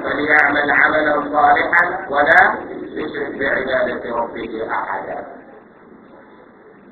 pẹ̀lú àmàlà àmàlà ọ̀sọ̀ àlẹ́ àlẹ́ wọ́dà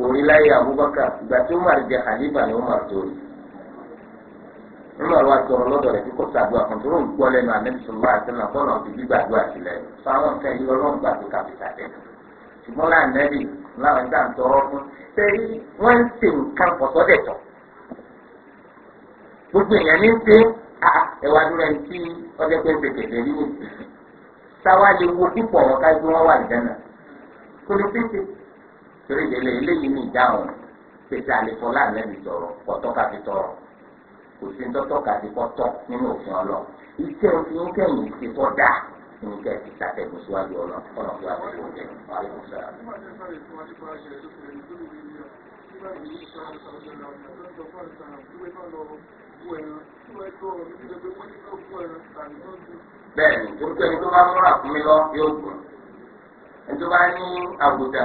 orí láyé Abubakar ìgbà tí Umar jẹ khalifa ni Umar Umar wa tọrọ lọdọ kíkọ sàdúrà kan tó ń gbọ́ lẹ́nu Ànábì sallallahu alaihi wasallam kọlọ fi gbígbàdúrà sílẹ̀ nǹkan yìí gbà tó ṣùgbọ́n láwọn ìgbà ń tọrọ fún wọn ń nǹkan gbogbo èèyàn ní pé dúró ẹni tí ọjọ́ pé ń kẹ̀kẹ́ táwa lè wo púpọ̀ wọn ká gbé wọn wà kò torí ìdílé eléyìí ní ìdáhùn pèsè àlefọ láàmẹ́bí tọrọ kọ̀tọ́ka fi tọrọ kò sí tọ́tọ́ka fi kọ́tọ́ nínú òfin ọlọ iṣẹ́ òfin kẹ́yìn ti kọ́ dà ní kẹ́ ti sàtẹ̀kùn síwájú ọlọ ọ̀nà fún àwọn ọmọ ìjẹun wà lóko sọ̀rọ̀. bẹ́ẹ̀ni torí pé ẹni tó bá múra fún mi lọ yóò gùn ẹni tó bá ní àbùdá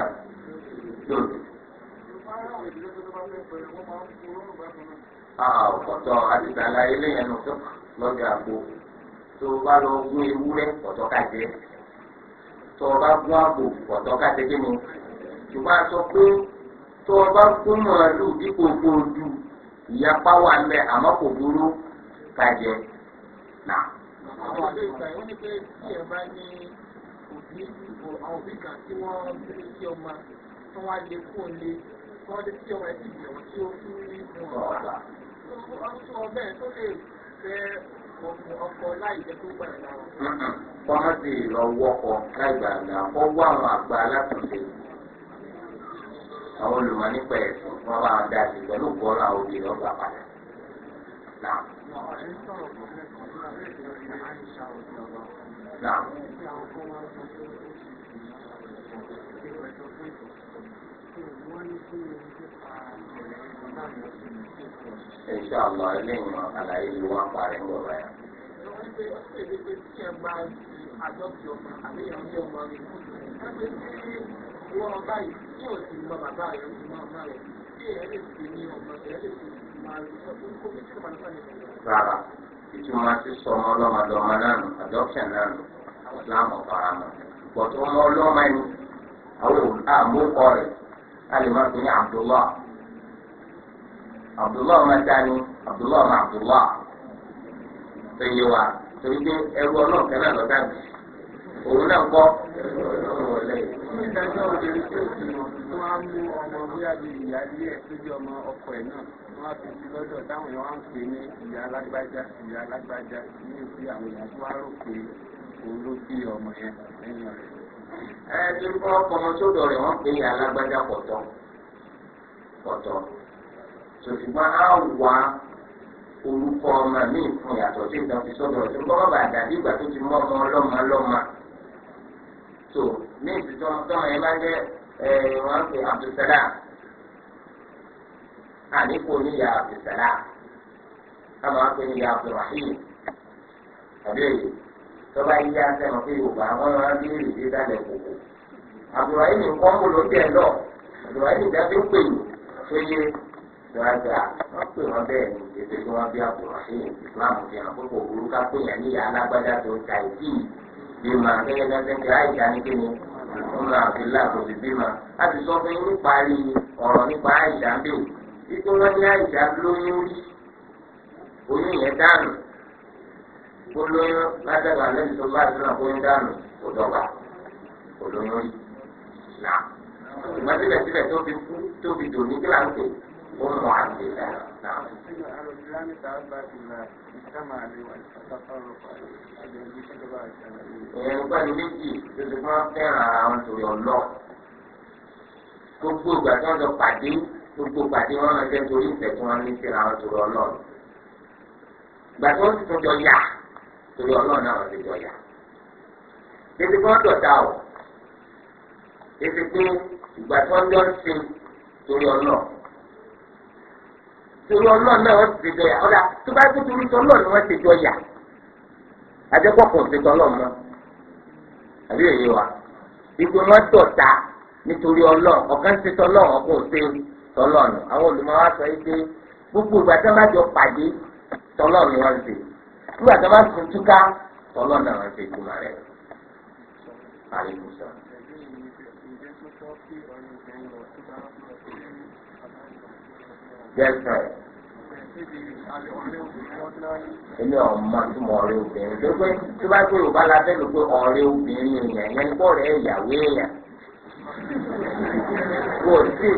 lóde. Ah, ọ̀pọ̀tọ̀ àtìgbàlá eléyẹn nù tó lọ́jà àgbo tó bá lọ gún ewúrẹ́ ọ̀tọ̀ ká tó bá gún àgbò ọ̀tọ̀ ká kí ni ṣùgbọ́n a sọ pé tó bá gún màálù dípò gbòòdù ìyapa wà ń bẹ àmọ́ kò burú ká jẹ náà. àwọn àlejò ìgbà yìí wọ́n ní pé tí ẹ̀ bá ní òbí kan tí wọ́n ń gbé ọmọ. tó wá lé kó lé wọ́n lé tí ọmọ ẹ̀ sì bìyànjú tí ó fún ní ọgbà tó lè ọkọ láì jẹ́ tó gbà lára. Mm-hmm. wọ́n á lọ wọ́kọ̀ wá àwọn àgbà àwọn olùmọ̀ nípa ẹ̀sìn dá sí pẹ̀lú àwọn obìnrin ọgbà padà. Insha Allah eléyìí mọ àlàyé yìí wá parí ńlọ rẹ. Rárá, ìtumọ̀ ti sọ ọmọ ọlọ́mọdọ́mọ náà nù, adoption náà nù, Islam ọ̀faramọ̀. Bọ̀tọ̀ ọmọ ọlọ́mọ ẹni, àwọn àmúkọ rẹ̀. alịma tó ní abdullah abdullah ọmọ sani abdullah ọmọ abdullah tó wa torí pé ẹrú ọlọ́run kan lọ dàbí òun náà ìdájọ́ mú ọmọ tó jẹ́ ọmọ ẹ̀ náà wọ́n á fi sí lọ́dọ̀ táwọn èèyàn wá ń pè ní ìyá alágbájá ìyá alágbájá ẹ torí kọ́ ọmọ sódò rẹ̀ wọ́n pè é alágbájá pọ̀tọ́ pọ̀tọ́ á wà orúkọ ọmọ mi fún yàtọ̀ tí ìtàn fi sọ́dọ̀ rẹ̀ torí kọ́ àdàbí ìgbà tó ti ọmọ ọlọ́mọ tó ní tọ́mọ yẹn bá jẹ́ Abdulsalam àníkò níyà Abdulsalam àmọ́ níyà Abdulrahim tọ́ba yíyá sẹ́wọ̀n pé yorùbá wọn máa bí ìrìndé dálẹ̀ kòkò àbùrọ̀yìn nǹkan wò ló jẹ́ lọ àbùrọ̀yìn ìdájọ́ pè yìí sóyè ìdájà wọ́n pè wọ́n bẹ́ẹ̀ ni ètò tí bí àbùrọ̀yìn ìsìláàmù fi hàn púpọ̀ burú ká pè yàn alágbádá tó ń ta ìdí kí bí ti sọ kó lóyún ládàgbà lẹ́yìn tó bá àdúrà kó ń dànù kó dọ̀gba kó lóyún rí nà ìgbà síbẹ̀síbẹ̀ tó fi kú tó fi dò ní kíláàsì ó mọ àgbè náà nà. ìyẹn pẹ̀lú méjì tó ti fún fẹ́ràn ara wọn torí ọlọ́ gbogbo ìgbà tí wọ́n lọ pàdé gbogbo pàdé wọn lọ jẹ́ torí ìfẹ́ tí wọ́n ní síra wọn torí ọlọ́run ìgbà tí wọ́n ti tún jọ yà. tori ọlọ́run náà wọ́n jọ yà. Tètè kọ́ dọ̀dá o. Tètè pé ìgbà tí wọ́n jọ ń sin torí Torí náà jọ yà. Ọ̀dà tó bá kú torí tọ́lọ́ ni wọ́n jọ yà. kò tọ́lọ́ mọ́. Àbí wa. wọn dọ̀dá nítorí sọ yìí pé gbogbo jọ pàdé tọ́lọ́ ni wọ́n ń nígbà tó bá sùn túká tọ́lọ́ náà wọ́n ti rẹ̀. Jẹ́sẹ̀ èmi tí mo obìnrin tó pé bá Yorùbá la lò pé ọ̀rẹ́ obìnrin èèyàn rẹ̀ ìyàwó èèyàn kò sí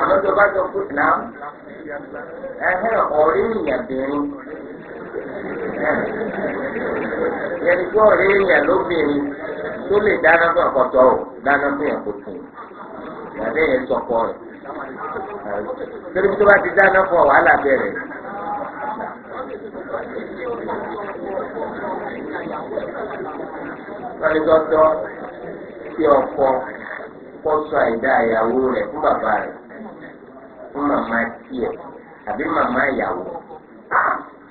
àmọ́ tó bá náà ẹ̀hẹ́ ọ̀rẹ́ ìyàbìnrin. yẹn ọrịa ọ̀rẹ́ èèyàn lóbìnrin tó lè dáná fún àkọ́tọ̀ ò dáná fún yàn kó tún ìyàdé yẹn sọkọ rẹ̀ torí tó bá ti dáná fún wàhálà bẹ̀rẹ̀. dọ́tọ́ tí ọkọ kọ́ sọ àìdá ìyàwó rẹ̀ fún bàbá rẹ̀ fún màmá tiẹ̀ tàbí màmá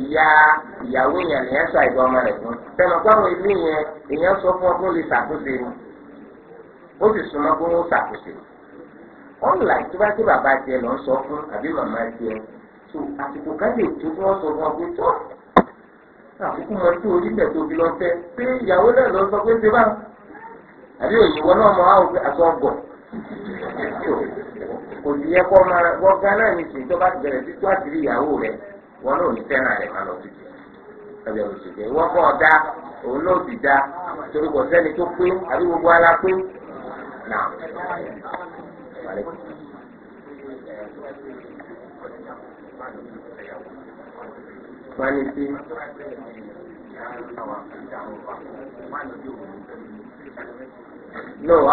ìyá ìyàwó yẹn lèyàn sọ àìgbọ́ ọmọ rẹ̀ fún tẹnu ilé yẹn sọ fún ọdún lè ṣàkóso ni ó sì ṣàkóso tí bàbá tiẹ̀ lọ sọ fún àbí màmá tiẹ̀ tó àsìkò ká lè tó fún fún tó àkókò mọ tó tóbi lọ pé ìyàwó náà lọ sọ pé ṣe bá àbí òyìnbó náà mọ àwọn kò sí máa wọn náà ní fẹ́ràn rẹ̀ máa lọ sí jẹ ẹgbẹ́ òsì jẹ ìwọ kọ́ òun náà sì dá torí kò tó pé àbí gbogbo ara pé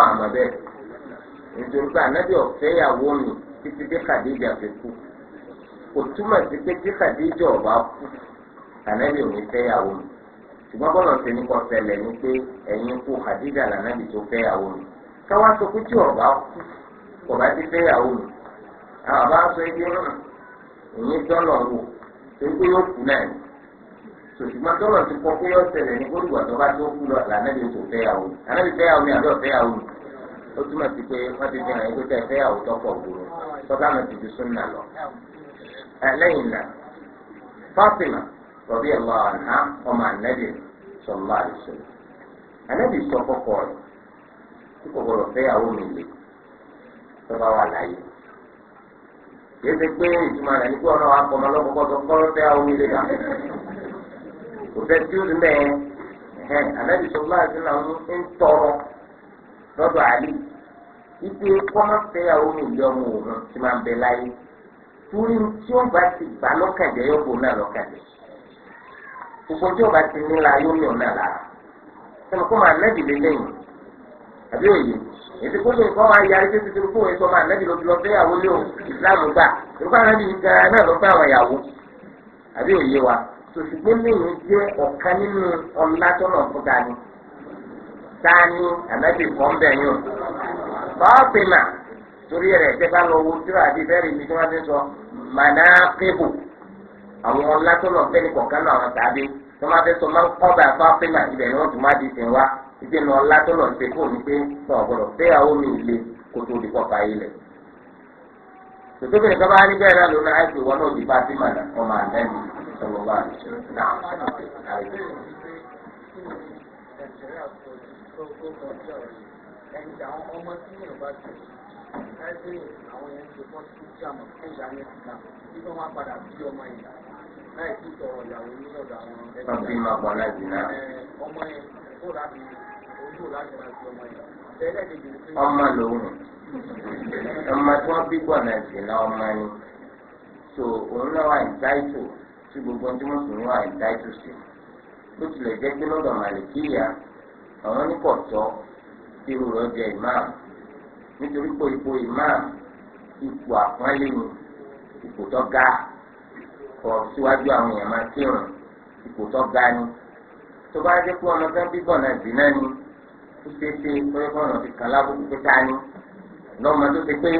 àmọ́ bẹ́ẹ̀, ànábì kò túmọ̀ sí pé tí Khadija ọba kú ànábì òní fẹ́yàwó mi ṣùgbọ́n bọ́lọ̀ ṣe ní kò ṣẹlẹ̀ ni pé ẹ̀yin kú Khadija lànábì tó fẹ́yàwó mi káwá sọ pé tí ọba kú ọba ti fẹ́yàwó mi àwọn àbá sọ ebi hàn ẹ̀yin wò pé yóò kú náà ṣùgbọ́n ti kọ́ pé yóò ṣẹlẹ̀ ní gbólùgbà bá tó kú lọ lànábì tó fẹ́yàwó mi ànábì fẹ́yàwó mi àbí ọ̀fẹ́yàwó mi ó túmọ̀ علينا فاطمة رضي الله عنها ومع النبي صلى الله عليه وسلم النبي صلى الله عليه وسلم kíkò gbọdọ̀ fẹ́yàwó mi lè tó bá wà láyé. Yé ṣe pé Ipe torí tí ó bá ti gbà lọ́kàjẹ́ yóò bò náà lọ́kàjẹ́ gbogbo tí ó bá ti ní la yóò yàn náà lára sọ̀rọ̀ kó máa nẹ́bi lélẹ́yìn àbí òye ètò kó lóyún kó máa yarí pé tuntun fún èso máa nẹ́bi lọ́dún lé o ìsìlámù gbà ìrúkọ anábì gan-an náà lọ́dún àwọn ìyàwó àbí òye wa tòṣùgbọ́n lẹ́yìn jẹ́ ọ̀kan nínú ọ̀la tó náà fún dání dání ànábì torí rẹ̀ tẹ́ bá lọ wo tíra àti bẹ́ẹ̀rì mi tí wọ́n ti sọ manaqibu àwọn ọlátọ́nà kọ̀ọ̀kan náà àwọn tàbí tí wọ́n sọ máa ń kọ́ba ẹ̀fọ́ ibẹ̀ ni wọ́n tún má di sìn wá ibi ní ọlátọ́nà ṣe kó ní pé náà gbọ́dọ̀ fẹ́ àwọn mi kó tó di kọ́ka yìí lẹ̀. tòtòkè ní bẹ́ẹ̀ náà lónà àìsí ìwọ náà di ẹgbẹ́ àwọn yẹn ti bọ́ sí ìjà mọ̀ fún ìyá ní ìgbà tí wọ́n wá padà bí ọmọ yìí láì sí ìtọ̀rọ̀ ìyàwó ní ọ̀dọ̀ àwọn ẹgbẹ́ wọn fi máa pọ̀ láti náà. ọmọ yẹn kó láti ojú láti máa fi ọmọ yẹn. ọmọ lòun ọmọ tí wọ́n bí gbọ́ náà sì ná ọmọ ni so òun náà wà ìdáìtò tí gbogbo ọdún mùsùlùmí wà ìdáìtò sí bó tilẹ̀ jẹ́ pé lọ́dọ̀ màlìkíyà àwọn oníkọ̀tọ́ irú rẹ̀ jẹ́ ìmáàmù nítorí pé ipò imam ipò àpọ́nlé ni ipò tó ga kọ síwájú àwọn èèyàn máa kírun ipò tó ga ni tó bá dé pé ọmọ tó ń bíbọ̀ náà dì náà ni ó ṣeé ṣe pé ọ̀nà ti kàn lábùkù pé ni lọ́mọ tó ti pé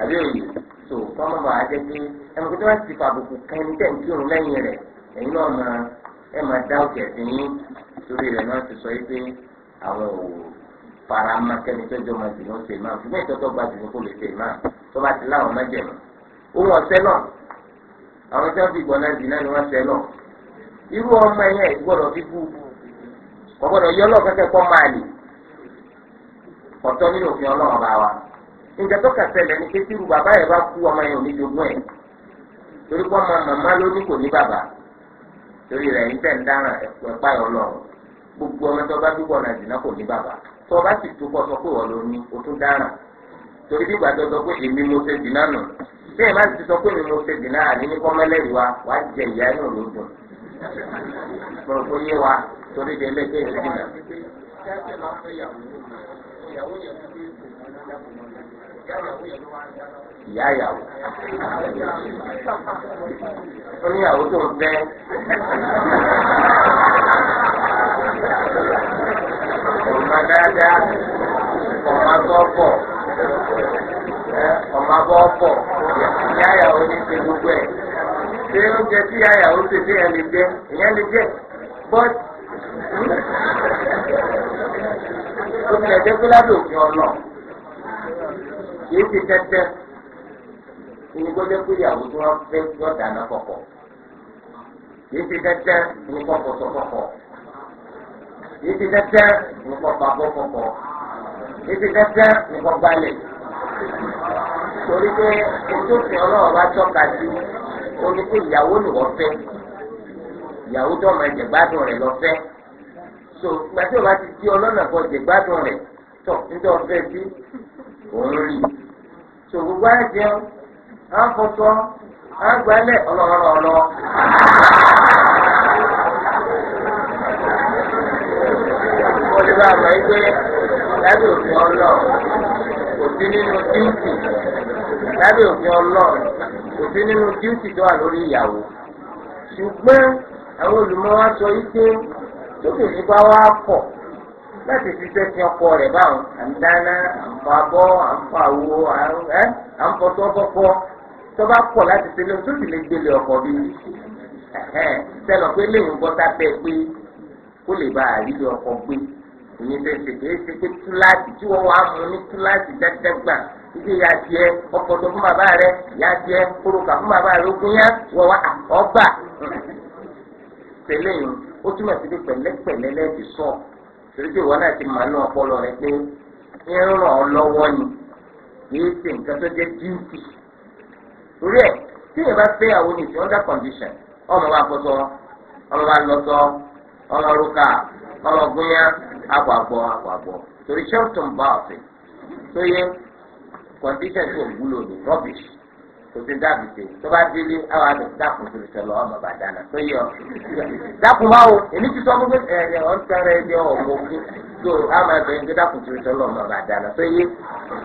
àbí òye tó kọ́mọ bá a jẹ́ pé ẹnu pé tó bá ti fàbùkù kẹ́ni tẹ̀ ń kírun lẹ́yìn rẹ̀ ẹ̀yin náà máa ẹ̀ máa dá òkè sí yín torí rẹ̀ náà ti sọ yìí pé àwọn òwò fara ma kẹ́ni tó jọ máa jùlọ ṣe máa ṣùgbọ́n ìtọ́jọ́ gba jùlọ kó lè ṣe máa tó bá ti láwọn mẹ́jẹ̀mú. òun ọ̀sẹ́ náà àwọn tí wọ́n fi gbọ́n náà jìnnà ni wọ́n ṣẹ́ náà irú ọmọ yẹn gbọ́dọ̀ fi kú kò gbọ́dọ̀ yọ ọlọ́ọ̀ kẹ́kẹ́ kọ́ máa lè ọ̀tọ̀ nínú òfin ọlọ́run bá wa. nǹkan tó kà ṣẹlẹ̀ ni pé tírú bàbá yẹn bá kú ọmọ yẹn ò ní jogún ẹ̀ torí pé ọmọ màmá ló ní kò ní bàbá torí rẹ̀ ń tẹ̀ ń dáràn ẹ̀pá ọlọ́run gbogbo ọmọ tó bá dúpọ̀ náà dìnnà kò ní bàbá tó o bá sì dúpọ̀ sọ pé wọ́n ní o tún dáràn torí bí gbàgbọ́ sọ pé èmi mo ṣe dìnnà nù bí ẹ̀ má ti sọ pé èmi mo ṣe dìnnà àní ní kọ́mọ́lẹ́rì wa wà á jẹ ìyá inú ló dùn mọ̀rọ̀ kó yé wa torí bí ẹlẹ́gbẹ́ yẹn dìnnà. Ìyá ìyàwó. Ó ìyàwó tó ń fẹ́. ọmọ dáadáa ọmọ ọmọ bọ́ọ̀bọ̀ yáyà ó gbogbo ẹ̀ ṣé oúnjẹ tí yáyà ó ṣe ṣé ẹ lè jẹ ìyẹn lè jẹ bọ́ọ̀t ti ẹ̀jẹ̀ pé lábẹ́ òfin ọlọ kìí ti tẹ́tẹ́ ìnigbọ́jọ́ tí wọ́n fẹ́ yọ̀ dáná yìí ti dẹ́tẹ́ nìkan bá bọ́ kọ̀kọ̀ yìí ti dẹ́tẹ́ nìkan gbalẹ̀ torí pé ètò òfin ọlọ́run bá tọ́ka sí ó ní pé ìyàwó nìwọ́ fẹ́ ìyàwó tó máa jẹ gbádùn rẹ̀ lọ fẹ́ so gbàtí o bá ti di ọlọ́nà kan jẹ gbádùn rẹ̀ tọ̀ nítorí ọ̀fẹ́ bí òun rí so gbogbo á jẹun á fọṣọ á gbálẹ̀ ọlọ́rọ̀ ọlọ́. la mọ̀ yí pé lábẹ́ òfin ọlọ́ nínú díútì lábẹ́ òfin ọlọ́ nínú díútì tó wà lórí ìyàwó ṣùgbọ́n àwọn olùmọ̀ sọ yí pé lóbìnrin bá wá pọ̀ láti ṣiṣẹ́ ti ọkọ rẹ̀ báwọn bá pọ̀ láti ọkọ bí sẹ́lọ̀ pé bẹ́ẹ̀ gbé. èyí tẹ̀ ṣe kìí ṣe pé túláàsì tí wọ́n wá mú ní túláàsì dẹ́gbẹ́gbà ìdí fún bàbá rẹ ìyá kórókà fún bàbá rẹ ogun yẹn wọ́n wá ọgbà tẹ̀lé yìí ó túmọ̀ sí pé sọ torí pé ìwọ ọpọlọ rẹ pé ni kìí ṣe nǹkan tó jẹ́ torí tí yẹn bá fẹ́ àwọn oníṣẹ́ under condition ọmọ wa kọ́tọ́ ọmọ wa agbàgbọ́ agbàgbọ́ torí shelton baasi tó yẹ condition tó wúlò ní rubbish kò sí dábì sí tó bá délé àwọn àmì dákun tó sọ lọ ọmọ bàdá náà tó yẹ ọ dákun wá o èmi ti sọ gbogbo ẹ ẹ ọ ń tẹrẹ ẹ ní ọmọ ogun tó àmà so ń gbé dákun tó sọ lọ ọmọ bàdá náà tó yẹ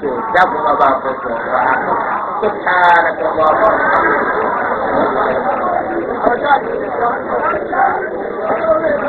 tó dákun bá fọ tó tó